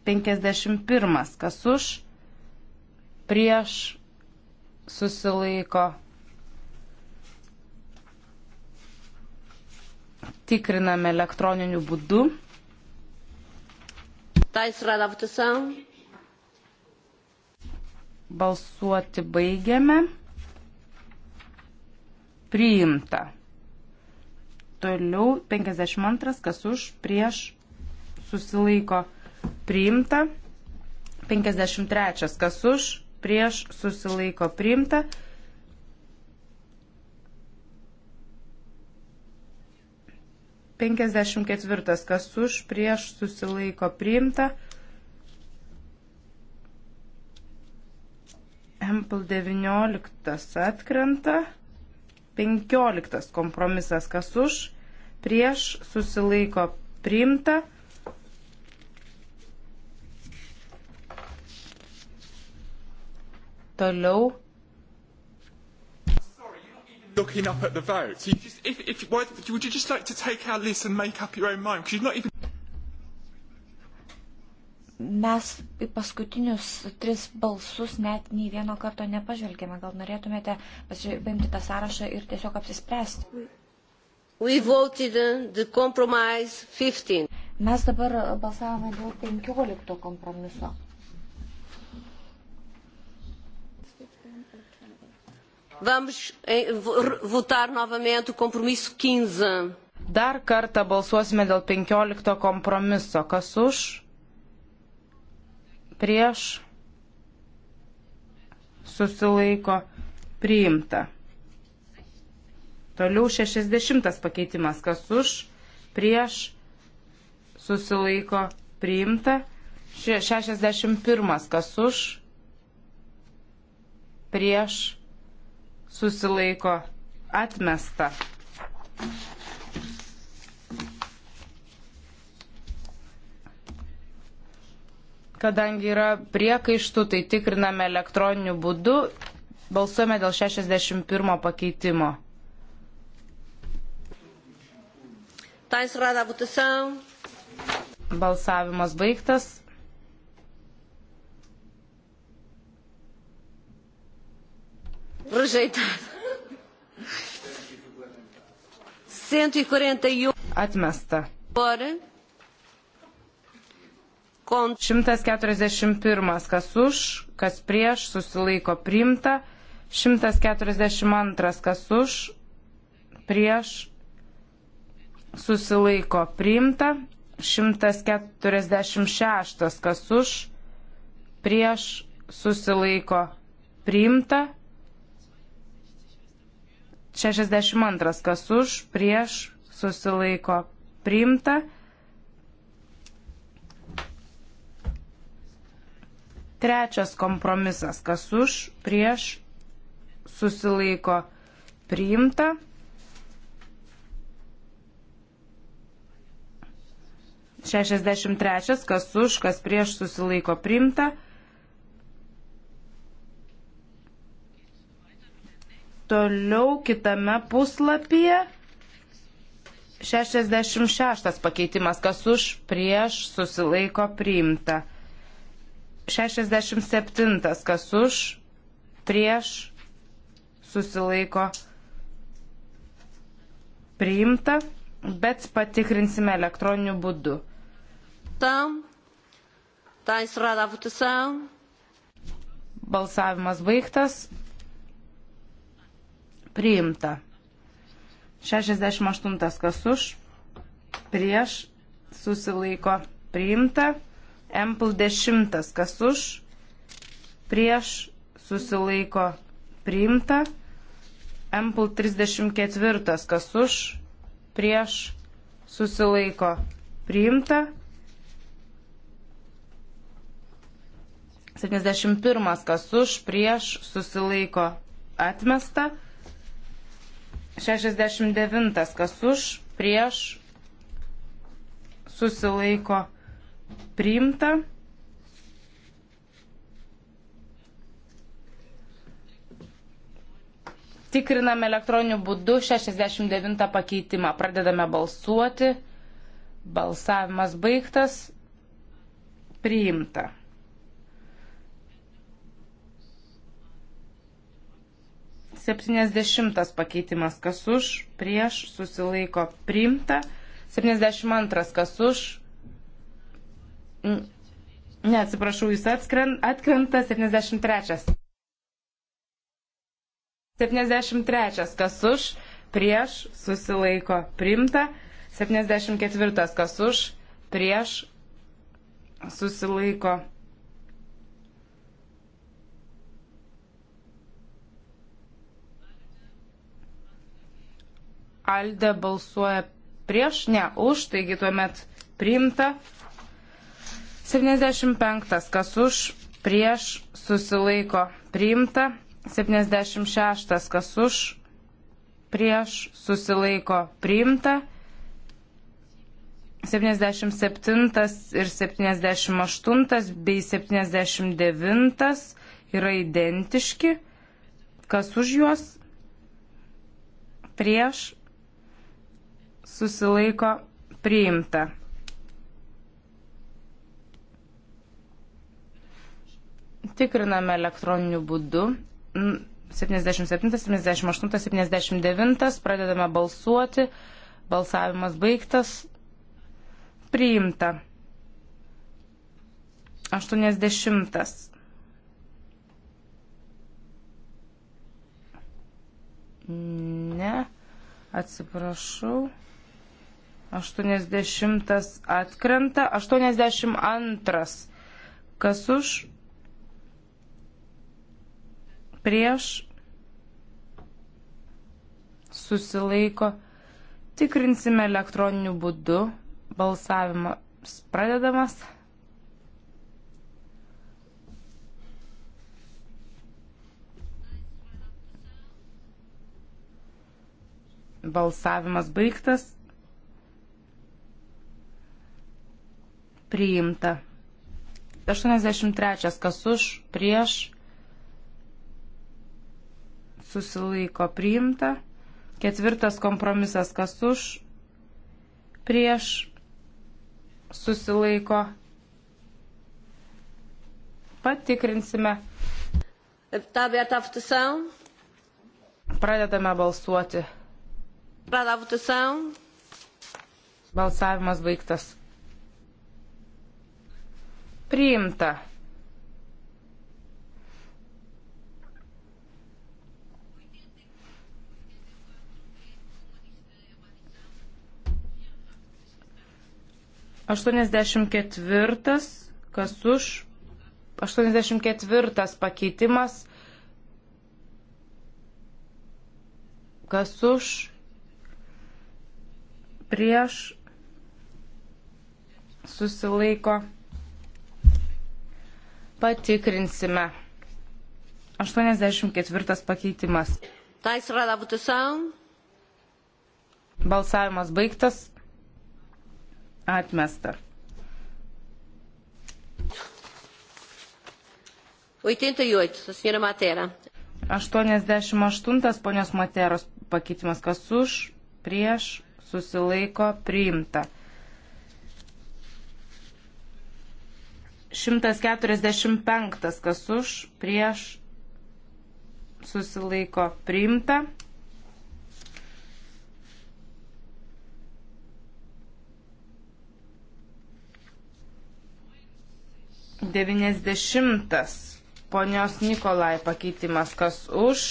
51. Kas už, prieš, susilaiko priimta tikriname elektroniniu būdu. Balsuoti baigiame. Priimta. Toliau 52, kas už, prieš, susilaiko, priimta. 53, kas už, prieš, susilaiko, priimta. 54. Kas už prieš susilaiko priimta. Ample 19 atkrenta. 15 kompromisas kas už, prieš susilaiko priimta. Toliau looking up at the vote. So you just, if, if, why, would you just like to take our list and make up your own mind? Because you've not even... Mes į paskutinius tris balsus net nei vieno karto nepažvelgėme. Gal norėtumėte paimti tą sąrašą ir tiesiog apsispręsti? We voted uh, the compromise 15. Mes dabar balsavome dėl 15 kompromiso. Vamos eh, votar novamente o compromisso 15. Dar kartą balsuosime dėl 15 kompromiso. Kas už? Prieš? Susilaiko? Priimta. Toliau 60 pakeitimas. Kas už? Prieš? Susilaiko? Priimta. 61. Kas už? Prieš? susilaiko atmesta. Kadangi yra priekaištų, tai tikriname elektroniniu būdu. Balsuojame dėl 61 pakeitimo. Balsavimas baigtas. Rejeitado. 141. E e um. Atmesta. Por. Kont. 141. Kas už, kas prieš, susilaiko priimta. 142. Kas už, prieš, susilaiko priimta. 146. Kas už, prieš, susilaiko priimta. 62 kas už, prieš, susilaiko, priimta. Trečias kompromisas, kas už, prieš, susilaiko, priimta. Šešiasdešimt trečias, kas už, kas prieš, susilaiko, priimta. Toliau kitame puslapyje 66 pakeitimas, kas už prieš susilaiko priimta. 67 kas už prieš susilaiko priimta, bet patikrinsime elektroniniu būdu. Tam. Tais rada votação. Balsavimas baigtas priimta. 68 kas už, prieš susilaiko priimta. Ample 10 kas už, prieš susilaiko priimta. Ample 34 kas už, prieš susilaiko priimta. 71 kas už, prieš susilaiko atmesta. 69. Kas už, prieš, susilaiko priimta. Tikriname elektroniniu būdu 69 pakeitimą. Pradedame balsuoti. Balsavimas baigtas. Priimta. 70 pakeitimas kas už, prieš, susilaiko priimta. 72 kas už. Ne, atsiprašau, jis atkrenta 73. 73 kas už, prieš, susilaiko priimta. 74 kas už, prieš, susilaiko priimta Alde balsuoja prieš, ne už, taigi tuomet priimta. 75. Kas už, prieš, susilaiko, priimta. 76. Kas už, prieš, susilaiko, priimta. 77 ir 78 bei 79 yra identiški. Kas už juos? Prieš susilaiko priimta. Tikriname elektroniniu būdu. 77, 78, 79. Pradedame balsuoti. Balsavimas baigtas. Priimta. 80. Ne. Atsiprašau. 80 atkrenta, 82. Kas už? Prieš susilaiko. Tikrinsime elektroniniu būdu. Balsavimas pradedamas. Balsavimas baigtas. priimta. 83 kas už, prieš, susilaiko priimta. Ketvirtas kompromisas kas už, prieš, susilaiko. Patikrinsime. Está aberta a votação. Pradedame balsuoti. Pradedame votação. Balsavimas baigtas. Priimta. Aštuoniasdešimt ketvirtas, kas už, aštuoniasdešimt ketvirtas pakeitimas, kas už, prieš, susilaiko. Patikrinsime. 84 pakeitimas. Balsavimas baigtas. Atmesta. 88, e senhora Matera. 88, ponios Materos pakeitimas, kas už, prieš, susilaiko, priimta. 145 kas už, prieš susilaiko priimta. Devyniasdešimtas ponios Nikolai pakeitimas, kas už,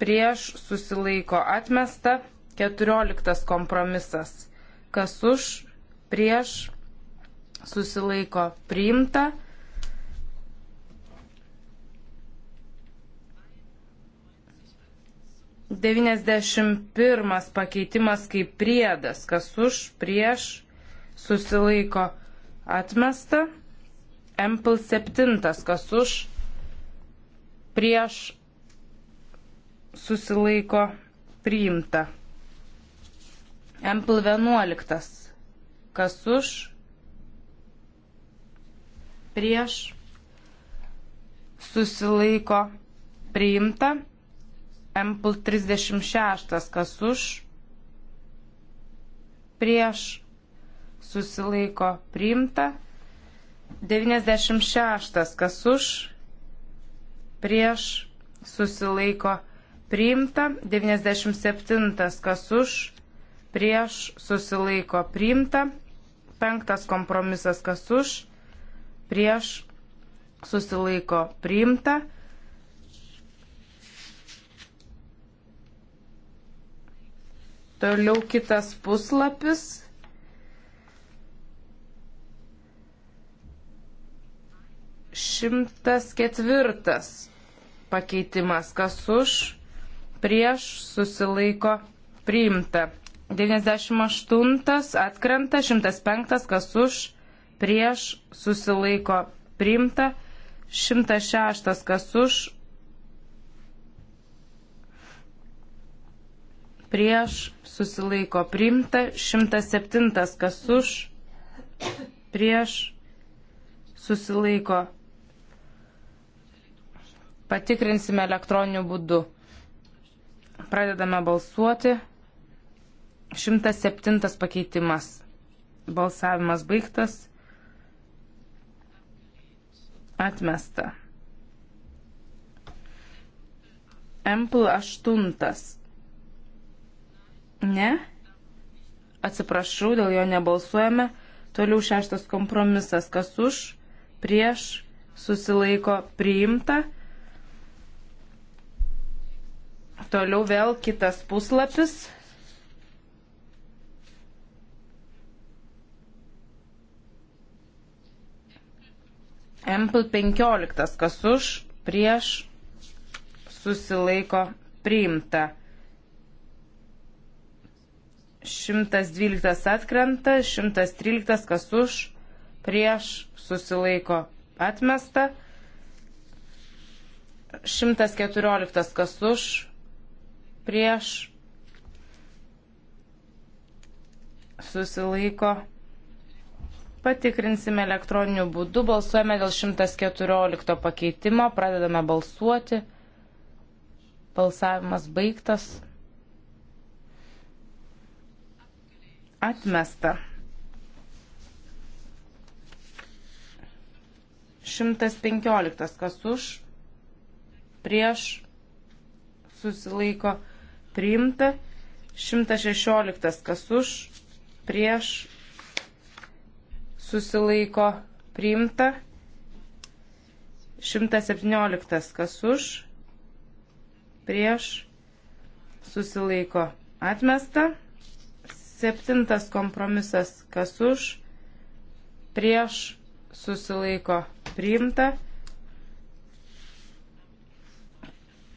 prieš susilaiko atmesta, keturioliktas kompromisas, kas už, prieš susilaiko priimta. Devyniasdešimt pirmas pakeitimas kaip priedas, kas už, prieš, susilaiko atmesta. Empl septintas, kas už, prieš, susilaiko priimta. Empl 11. Kas už, prieš susilaiko priimta. Empl 36 kas už prieš susilaiko priimta. 96 kas už prieš susilaiko priimta. 97 kas už prieš susilaiko priimta. Penktas kompromisas kas už prieš susilaiko priimta. Toliau kitas puslapis. Šimtas ketvirtas pakeitimas, kas už, prieš susilaiko priimta. 98 atkrenta, 105 kas už, prieš, susilaiko priimta, 106 kas už, prieš, susilaiko priimta, 107 kas už, prieš, susilaiko. Patikrinsime elektroniniu būdu. Pradedame balsuoti. 107 pakeitimas. Balsavimas baigtas. Atmesta. Empl 8. Ne? Atsiprašau, dėl jo nebalsuojame. Toliau šeštas kompromisas. Kas už? Prieš? Susilaiko priimta. Toliau vėl kitas puslapis. Ample 15, kas už, prieš, susilaiko, priimta. 112 atkrenta, 113 kas už, prieš, susilaiko, atmesta. 114 kas už, prieš, susilaiko, atmesta Patikrinsime elektroniniu būdu, balsuojame dėl 114 pakeitimo, pradedame balsuoti. Balsavimas baigtas. Atmesta. 115 kas už, prieš, susilaiko, priimta. 116 kas už, prieš, susilaiko priimta. 117 kas už, prieš, susilaiko atmesta. 7 kompromisas kas už, prieš, susilaiko priimta.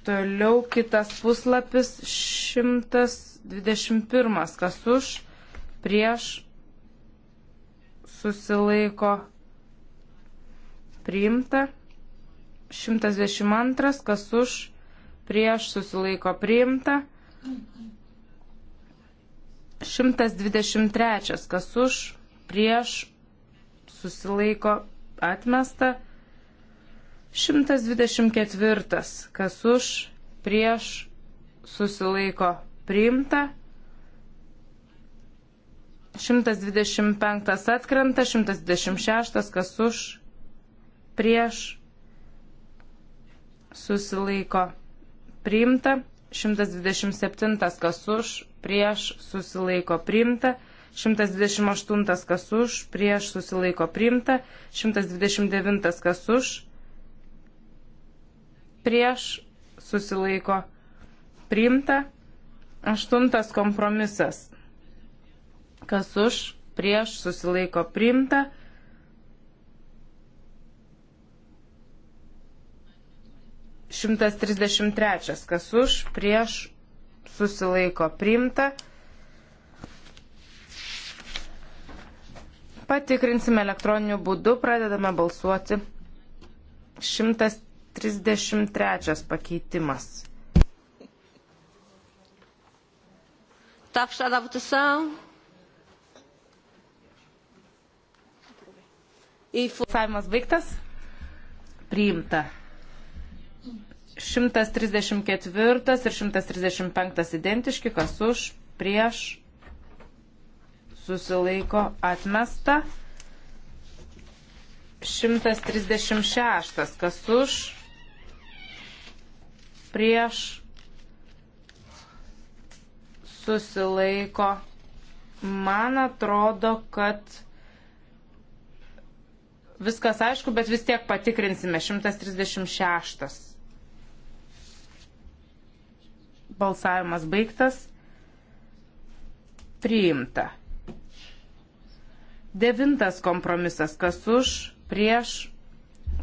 Toliau kitas puslapis 121 kas už, prieš, susilaiko priimta. 122, kas už, prieš susilaiko priimta. 123, kas už, prieš susilaiko atmesta. 124, kas už, prieš susilaiko priimta. 125 atkrenta, 126 kas už, prieš, susilaiko priimta, 127 kas už, prieš, susilaiko priimta, 128 kas už, prieš, susilaiko priimta, 129 kas už, prieš, susilaiko priimta, 8 kompromisas Kas už, prieš, susilaiko priimta. Šimtas trisdešimt trečias. Kas už, prieš, susilaiko priimta. Patikrinsime elektroniniu būdu, pradedame balsuoti. 133 pakeitimas. Está fechada a votação. Balsavimas baigtas. Priimta. 134 ir 135 identiški, kas už, prieš, susilaiko atmesta. 136, kas už, prieš, susilaiko. Man atrodo, kad viskas aišku, bet vis tiek patikrinsime. 136. Balsavimas baigtas. Priimta. Devintas kompromisas. Kas už, prieš,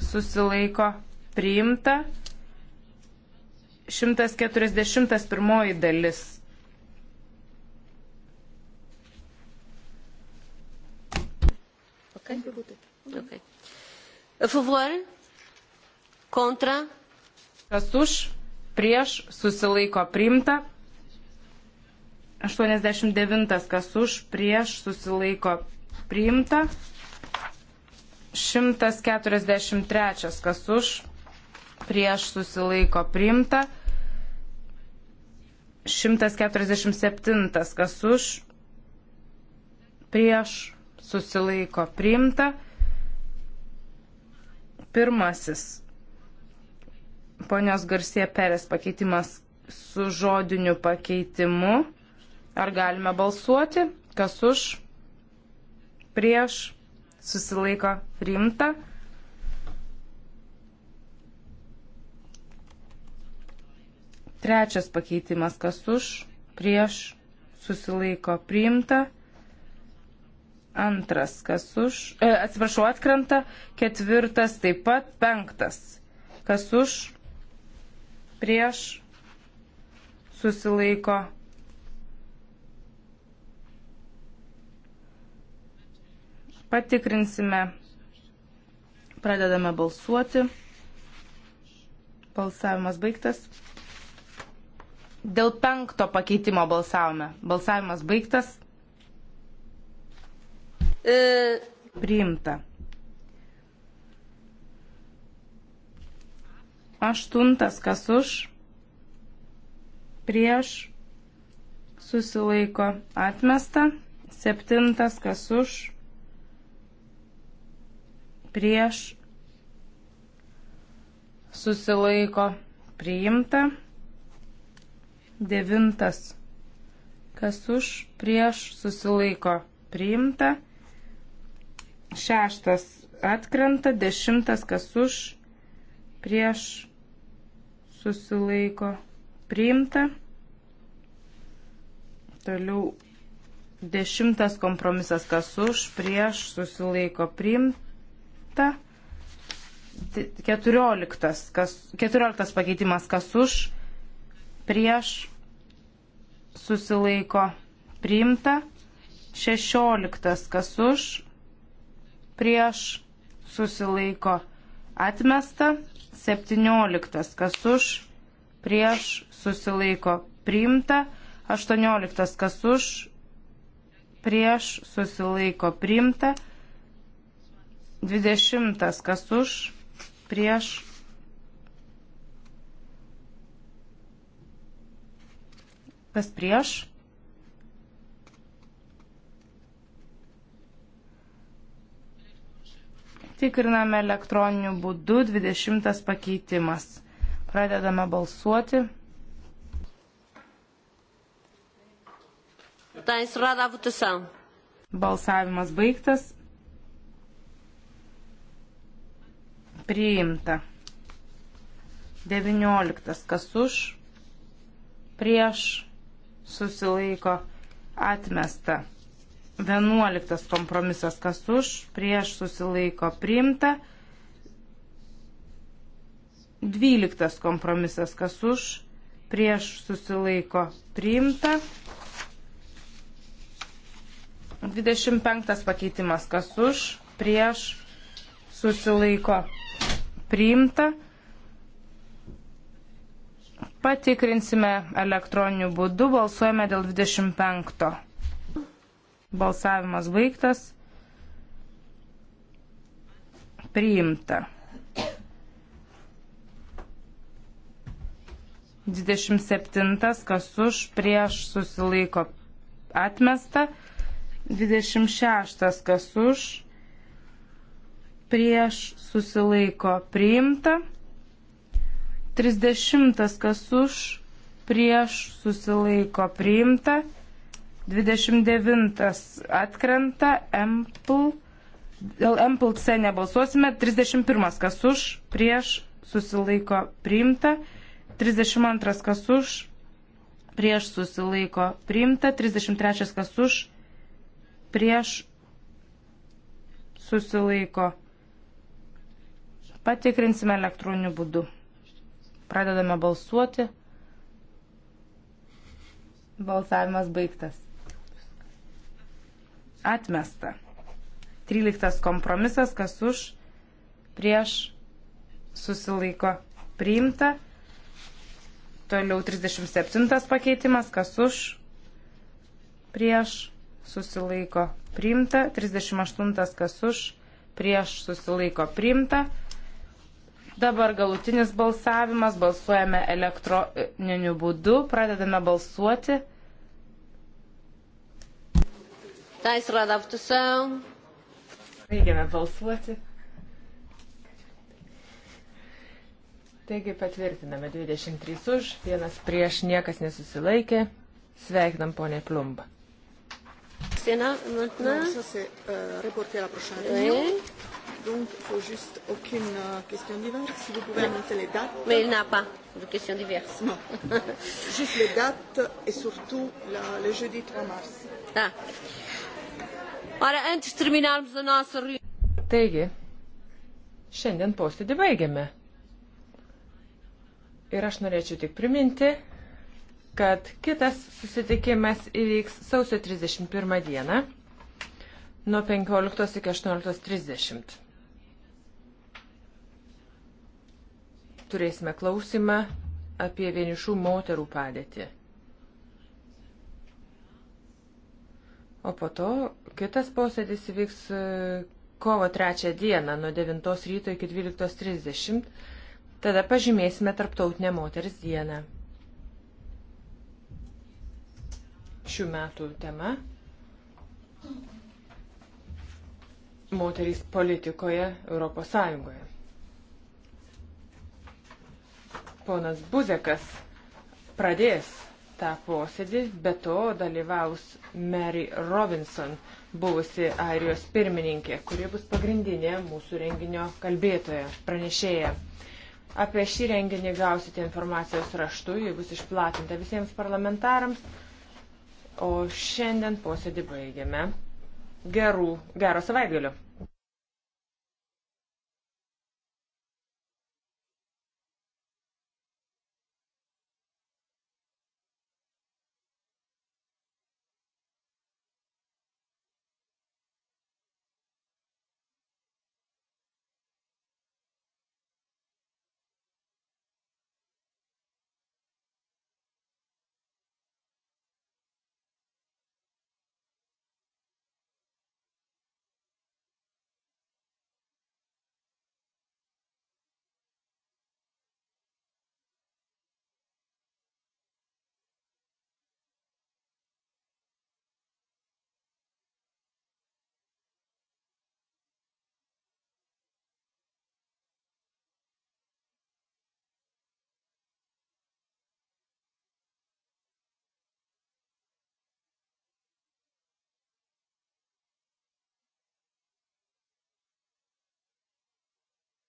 susilaiko, priimta. 141 dalis. Okay. Okay. A favor? Kontra? Kas už? Prieš susilaiko priimta. 89 kas už, prieš susilaiko priimta. 143 kas už, prieš susilaiko priimta. 147 kas už, prieš susilaiko priimta. Pirmasis ponios Garsie Perės pakeitimas su žodiniu pakeitimu. Ar galime balsuoti? Kas už? Prieš? Susilaiko rimta. Trečias pakeitimas, kas už, prieš, susilaiko priimta. Antras, kas už. E, atsiprašau, atkrenta. Ketvirtas taip pat. Penktas. Kas už. Prieš. Susilaiko. Patikrinsime. Pradedame balsuoti. Balsavimas baigtas. Dėl penkto pakeitimo balsavome. Balsavimas baigtas. E, priimta. Aštuntas kas už, prieš, susilaiko atmesta. Septintas kas už, prieš, susilaiko priimta. Devintas kas už, prieš, susilaiko priimta. Šeštas atkrenta, dešimtas kas už, prieš susilaiko priimta. Toliau dešimtas kompromisas kas už, prieš susilaiko priimta. Keturioliktas, kas, keturioliktas pakeitimas kas už, prieš susilaiko priimta. Šešioliktas kas už, prieš susilaiko atmesta, 17 kas už prieš susilaiko priimta, 18 kas už prieš susilaiko priimta, 20 kas už prieš kas prieš Tikriname elektroniniu būdu 20 pakeitimas. Pradedame balsuoti. Balsavimas baigtas. Priimta. 19. Kas už? Prieš. Susilaiko. Atmesta. 11 kompromisas kas už, prieš susilaiko priimta. 12 kompromisas kas už, prieš susilaiko priimta. 25 pakeitimas kas už, prieš susilaiko priimta. Patikrinsime elektroniniu būdu, balsuojame dėl 25. Balsavimas baigtas. Priimta. 27. Kas už prieš susilaiko atmesta. 26. Kas už prieš susilaiko priimta. 30. Kas už prieš susilaiko priimta. 29 atkrenta, Ample, dėl Ample C nebalsuosime, 31 kas už, prieš susilaiko priimta, 32 kas už, prieš susilaiko priimta, 33 kas už, prieš susilaiko. Patikrinsime elektroniniu būdu. Pradedame balsuoti. Balsavimas baigtas. Atmesta. 13 kompromisas, kas už, prieš, susilaiko, priimta. Toliau 37 pakeitimas, kas už, prieš, susilaiko, priimta. 38 kas už, prieš, susilaiko, priimta. Dabar galutinis balsavimas, balsuojame elektroniniu būdu, pradedame balsuoti. Está encerrada a votação. Baigiame balsuoti. Taigi patvirtiname 23 už, vienas prieš niekas nesusilaikė. Sveikinam ponė Plumba. Sena, maintenant. Ça, c'est euh, reporté à la prochaine réunion. Oui. Donc, il faut juste aucune euh, question diverse. Si vous pouvez annoncer les dates. Mais il n'a pas de questions diverses. Non. *laughs* juste les dates et surtout la, le jeudi 3 mars. Ah. Ora, antes terminarmos a nossa reunião. Taigi, šiandien posėdį baigiame. Ir aš norėčiau tik priminti, kad kitas susitikimas įvyks sausio 31 dieną nuo 15 iki 18.30. Turėsime klausimą apie vienišų moterų padėtį. O po to kitas posėdis vyks e, kovo trečią dieną nuo 9 ryto iki 12.30. Tada pažymėsime Tarptautinę moters dieną. Šių metų tema - moterys politikoje Europos Sąjungoje. Ponas Buzekas pradės tą posėdį, be to dalyvaus Mary Robinson, buvusi Airijos pirmininkė, kuri bus pagrindinė mūsų renginio kalbėtoja, pranešėja. Apie šį renginį gausite informacijos raštu, ji bus išplatinta visiems parlamentarams. O šiandien posėdį baigiame. Gerų, gero savaitgalio.